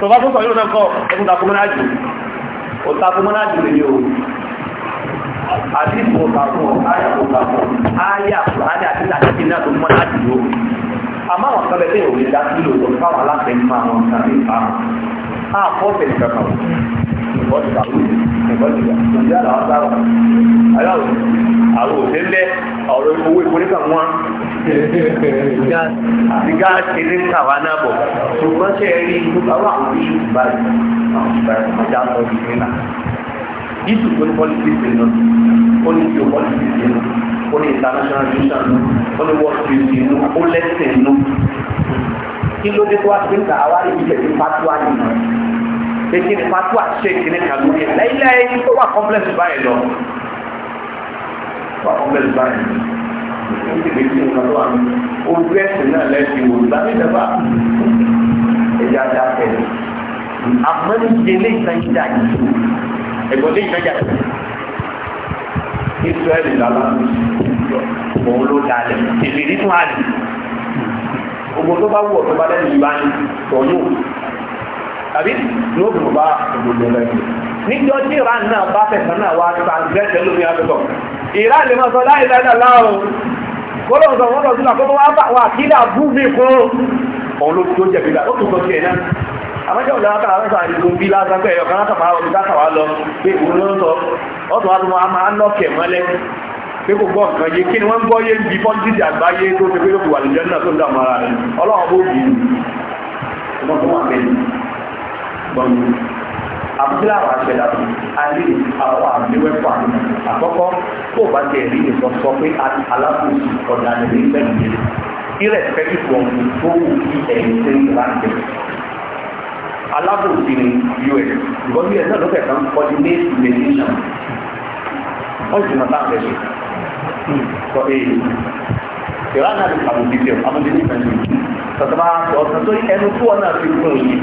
tó bá tó sọ yóò náà kọ ẹkùn takùn mọ́nà jù ó takùn mọ́nà jù lè yóò àti ìfowópamọ́ ayàfowópamọ́ ayàfowópamọ́ àti àti náà tó mọ́nà jù yóò àmọ́ àwọn kan bẹ a fọ́ọ̀tẹ̀ nìkan kan nǹkan ti kàwé nǹkan ti yà òjì àlà wà sára aláwò àwọn òṣèlè ọ̀rọ̀ owó epo níkà wọn àti gáàsì ní kàwá náà bọ̀ ṣùgbọ́n ṣe é rí inú àwọn àwọn òbí ìbàdàn àwọn ìbàdàn ọjà sọ ìdílé náà yíṣù tó ní politics nínú ó ní geo politics nínú ó ní international relations nínú ó ní world trade nínú ó lẹ́sìn kí ló dé tó wá sí ń kà àwárí ìjẹ̀ ní pátúwá nìyẹn ètí ní pátúwá ṣe kìíní kan lórí ẹ̀ lẹ́yìnlẹ́yìn ó wà kọ́mpilẹ́sì báyìí lọ wà kọ́mpilẹ́sì báyìí lọ ó ti lè fi nǹkan lọ́wọ́ àmì ojú ẹ̀sìn náà lẹ́sìn wò lábẹ́ ìjọba ẹ̀jẹ̀ ajá fẹ́ẹ́ àmọ́ níbi ilé ìtajà yìí ẹ̀gbọ́n ilé ìtajà yìí Israẹli lálá gbogbo tó bá wọ̀ tó bá lẹ́nu ìbá ní tọ̀yún tàbí ní ó bùrù bá gbogbo lẹ́nu níjọ́ tí ìran náà bá fẹ̀sán náà wá transgressor lómi àtọ̀tọ̀ ìran lè máa sọ láì lẹ́nà láàrùn kọ́lọ̀ sọ wọ́n lọ sí àkọ́kọ́ wá bá wà kí náà bú mi kún òun ló tó jẹ̀bi là ó tún sọ sí ẹ̀ náà àmọ́jọ́ òun lọ́wọ́ káwọn sọ pé kò gbọ́ nǹkan yé kí ni wọ́n ń gbọ́ yé ń bi pọ́ńtìtì àgbáyé tó ti pé lóko wà lójọ́ náà tó ń dààmú ara rẹ̀ ọlọ́run bó bì í wọ́n tó wà bẹ́ẹ̀ gbọ́n mi. àbúrò àwọn àṣẹlá tó alẹ́ àwọn àgbéwẹ́pọ̀ àkọ́kọ́ tó o bá tẹ̀ rí nìkan sọ pé alákòóso ọ̀dà nìyí pẹ̀lú yẹn irrespective from the whole ẹ̀yìn landscape. Alábòsí ni US because US náà ló fẹ̀ kan coordinate the nation. Wọ́n sì máa bá àfẹ́ ṣe sọ èyí ìwà náà ti pàmò bíbí ọ àmọ́ bíbí kan yìí tọ́tọ́ bá sọ ọ̀sán tó ẹnu tó ọ̀nà fi kún yìí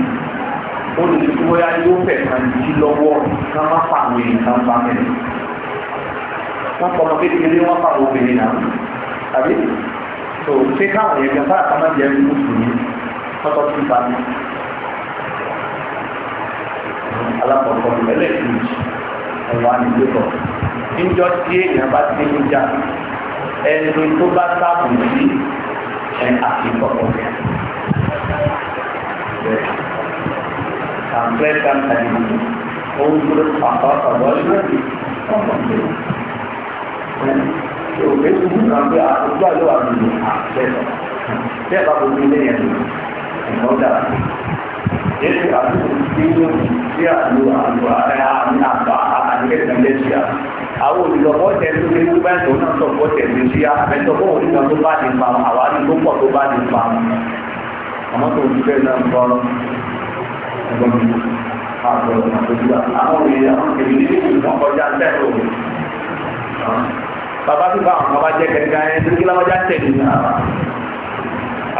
olùdókòwòyà yóò fẹ̀ kàn jí lọ́wọ́ ká má fa àwọn èèyàn kan bá mẹ́rin wọ́n kọ́ ọmọ kékeré wọ́n fa àwọn obìnrin náà ẹ̀wọ̀n àdìgbò níjọ́ tí èèyàn bá ti ń jà ẹni tó bá sáàbù sí ẹ̀ àti ìkọ̀kọ̀ rẹ̀. Kàmpẹ́ kàmpẹ́ ni ó ń gbé pàpà ọ̀rọ̀ ìrẹ́sì ọ̀pọ̀ sí. Òwe tó ń kàn pé àtúntò àlọ́ àdúgbò àpẹẹrẹ. Bẹ́ẹ̀ bá gbogbo ilé yẹn lò, ẹ̀kọ́ dára yadda ka su cikin sí àdúrà àdúrà ẹ̀ àmì àgbà àtàkẹ́kẹ́ lẹ́síà àwọn olùdókòwò tẹ̀lé ní gbogbo ẹ̀sọ́ náà sọ̀kọ́ tẹ̀lé sí àbẹ̀tọ́kọ́ òdìgbà tó bá di pa àwa ní tó pọ̀ tó bá di pa àmọ́ tó ti fẹ́ náà gbọ́ ẹgbẹ́ mi àgbọ̀ àgbẹ̀dúgba àwọn òye àwọn kèmí ní ìlú wọn kọjá tẹ̀lé òwe bàbá tó bá àwọn ọmọ bá jẹ́ kẹ̀kẹ́ ẹ̀ tó kí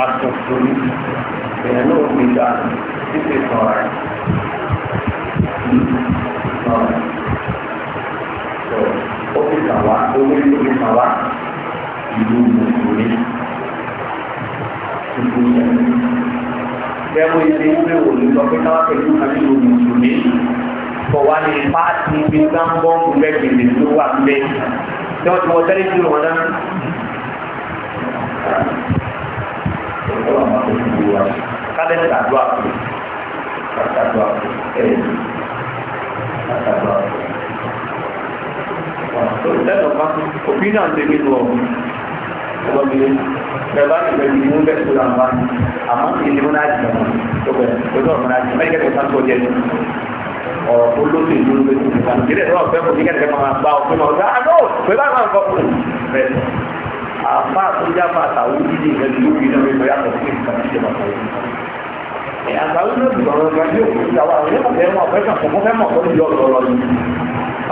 aṣọ ìṣòro èèyàn náà fi dá títí sọ̀rọ̀ rẹ̀ sọ̀rọ̀ rẹ̀ sọ ó fi kàn wá owó ló fi kàn wá ìlú mùsùlùmí tuntun yẹn bẹ́ẹ̀ wọ́n ṣe ń gbé òní lọ pé káwá pẹ̀lú àti mùsùlùmí kọ̀ wá ní pààtì ibi gbàǹbọ̀n gbẹ̀gbẹ̀ tó wà ń tí wọ́n ti wọ́n tẹ́lẹ̀ sí wọn fún ìlú wa kálẹ̀ ṣàdúrà fún ṣàdúrà fún ẹ̀rẹ̀ ṣàdúrà fún. lẹ́nu ọ̀pá òbí náà ṣe nínú ọ̀hún ọlọ́mọdé bẹ̀rẹ̀ bẹ̀rẹ̀ ìlú bẹ̀rẹ̀ tó là ń bá àmọ́ ìlú náà jẹ̀ tó bẹ̀rẹ̀ lójú ọ̀rọ̀ náà jẹ̀ mẹ́kẹ́ tó sá tó jẹ́ ọ̀rọ̀ tó lóṣù ìlú bẹ̀rẹ̀ tó sá tó jẹ́ ọ̀rọ̀ fẹ́ kò kẹ́kẹ́ máa gbá ọ̀pẹ́ máa gbá àdó apa àtúndà máa tahu ini ìgbà tí yóò fi náà wípé yàtọ̀ sí nǹkan tahu tu kalau tàwọn ìdíje. ẹ̀ àtàwọn náà dùn ọ̀rọ̀ ìgbà tí yóò fi tàwọn àwọn yóò fẹ́ mọ̀ fẹ́ kàn fọ́ fẹ́ mọ̀ fọ́ ìjọ ọ̀rọ̀ ni.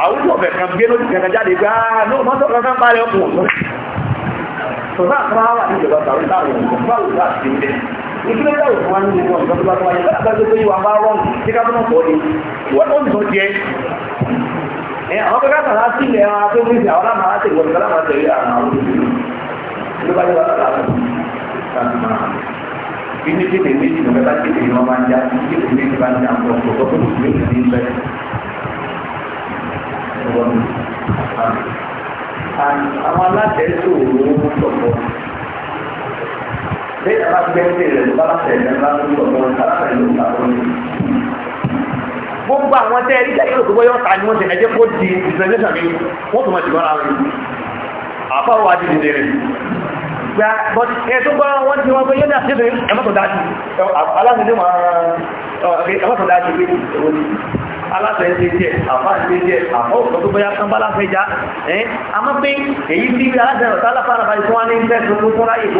àwọn yóò fẹ́ kan gbé lójú kankan jáde tahu lóò mọ́tò kankan bá rẹ̀ kùn. sọ̀tà àtàwọn àdìjọba tàwọn táwọn ìgbàlù láti ṣe ìpínlẹ̀ ìdáwò fún wa ní ìlú ọ̀dọ́ tó bá tó wáyé láti gbàgbé pé ìwà bá ni ìwà tó ń sọ jẹ́ ẹ̀ àwọn kẹ́kẹ́ àtàlá sílẹ̀ àwọn ló bá yẹ wá sọ̀rọ̀ àwọn ìgbàgbọ́ máa hàn. inú tètè méjì ló bá tètè ní wọn máa ń já tètè méjì bá ń já ọ̀pọ̀ ọ̀pọ̀ tó kù méjì ní bẹ́ẹ̀. àwọn alátẹ̀ẹ́sọ̀ òun ń sọ̀kọ́ bẹ́ẹ̀ bá gbẹ́sẹ̀ rẹ̀ ló bá tẹ̀lé ńlá tó sọ̀tọ̀ alábẹ̀rẹ̀ ló ta tó ní. gbogbo àwọn tẹ́ ẹ̀rí jẹ́ ìlú tó bọ́ ni wọ́n ti ẹ̀jẹ̀ kó di ìsẹ̀lẹ̀sẹ̀ mi wọ́n tún máa ti bára rẹ̀ àfáwọ̀ wá dìde rẹ̀ gba bọ́dí ẹ̀tọ́ bá wọ́n tí wọ́n gbẹ́yẹ́ náà síbẹ̀ ẹmọ́tọ̀ dájú aláàrẹ̀ máa ẹmọ́tọ̀ dájú pé òní aláàrẹ̀ ṣe jẹ́ àfáà ṣe jẹ́ àfọ́ọ̀kọ́ tó bọ́yá kan bá láfẹ́ já ẹ́ a mọ́ pé èyí tí aláàrẹ̀ ọ̀tá aláfáàrà bá ìtọ́ wá ní ìfẹ́ tó tó ráyè tó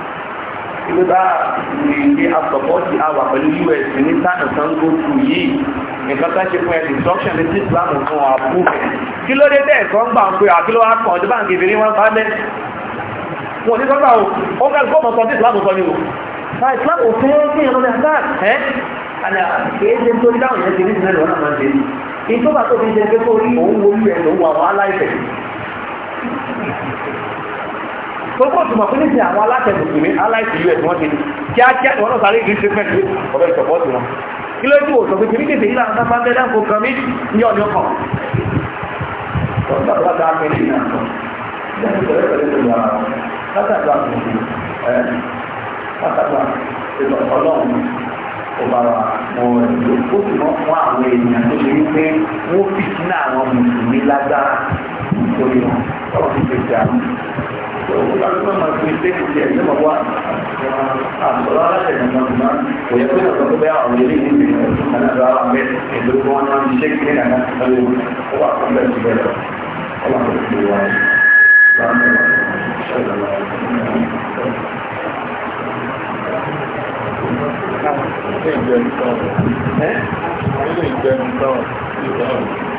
pé bá ilé asọ̀pọ̀tì àwà pẹ̀lú us ní sáà kan tó tù yìí nǹkan tó ṣe fún ẹ destruction ní islam fún wa bú kí ló dé tẹ́ ẹ̀kọ́ ń gbà ń pé àkíló wa kàn ọdún báńkì ìbéèrè wọn bá lẹ́ wọn ò sọ́gbà o ó ká gbọ́ mọ̀tọ́ sí islam sọ ni o na islam ò fẹ́ kí ẹ̀rọ ẹ́ àlà kìí ṣe tó dáhùn yẹn ti ní ìsinmi lọ́nà máa ṣe ní ìtọ́gbà tó fi ṣe pé kó rí òun wo us òun wà aláìsẹ̀ kókó tó mọ̀ fún nísìnyí àwọn alátẹ̀kùn tèmi aláìsí us wọ́n ti kíákíá wọn náà sáré ìlú treatment ọ̀bẹ ìsọ̀pọ̀ tí wọn. kí ló dé òsò pé tèmi tètè yìí láti sábà ń bẹ́ẹ̀ dáńkò kan mí ní ọdún kan. ọlọ́run ọba àwọn ẹ̀dùn ó sì mọ́ fún àwọn èèyàn nítorí wọn ọ̀rọ̀ ti fi jà mí. Òwúrọ̀ náà máa fi ṣe ti ẹ̀ yóò máa wà àtọ̀rọ̀ alátẹ̀yìn náà ti máa kò yẹ kó yẹ kó bẹ́ẹ̀ àwọn ilé yìí ti rẹ̀ náà lọ àwọn bẹ́ẹ̀ èdè kó wọn náà ti ṣe kí nìyà náà tó léwu ó wà fún bẹ́ẹ̀ ti bẹ́ẹ̀ lọ. Ó wà fún ìlú wa yìí. Ilé ìjẹun sọ̀rọ̀. Ilé ìjẹun sọ̀rọ̀.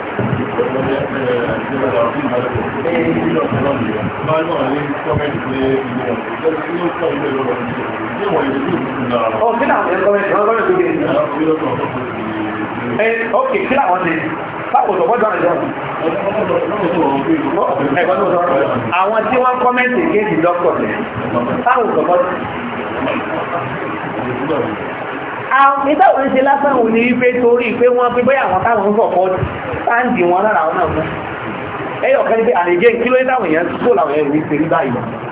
Ok, kí làwọn ṣe? Báwo sọ̀pọ̀ jọ àjọ? Àwọn tí wọ́n kọ́mẹ́ntì kéèkì dọ́kọ̀ rẹ̀, báwo sọ̀pọ̀? ìtàwọn ṣe lásán òní wípé torí pé wọ́n pé bóyá àwọn táwọn ń fọ̀kọ́ táǹdì wọn lára àwọn náà fún ẹyọ̀kan ní pé àlejẹ́ kí èèyàn kó làwọn èèyàn rí pé rí báyìí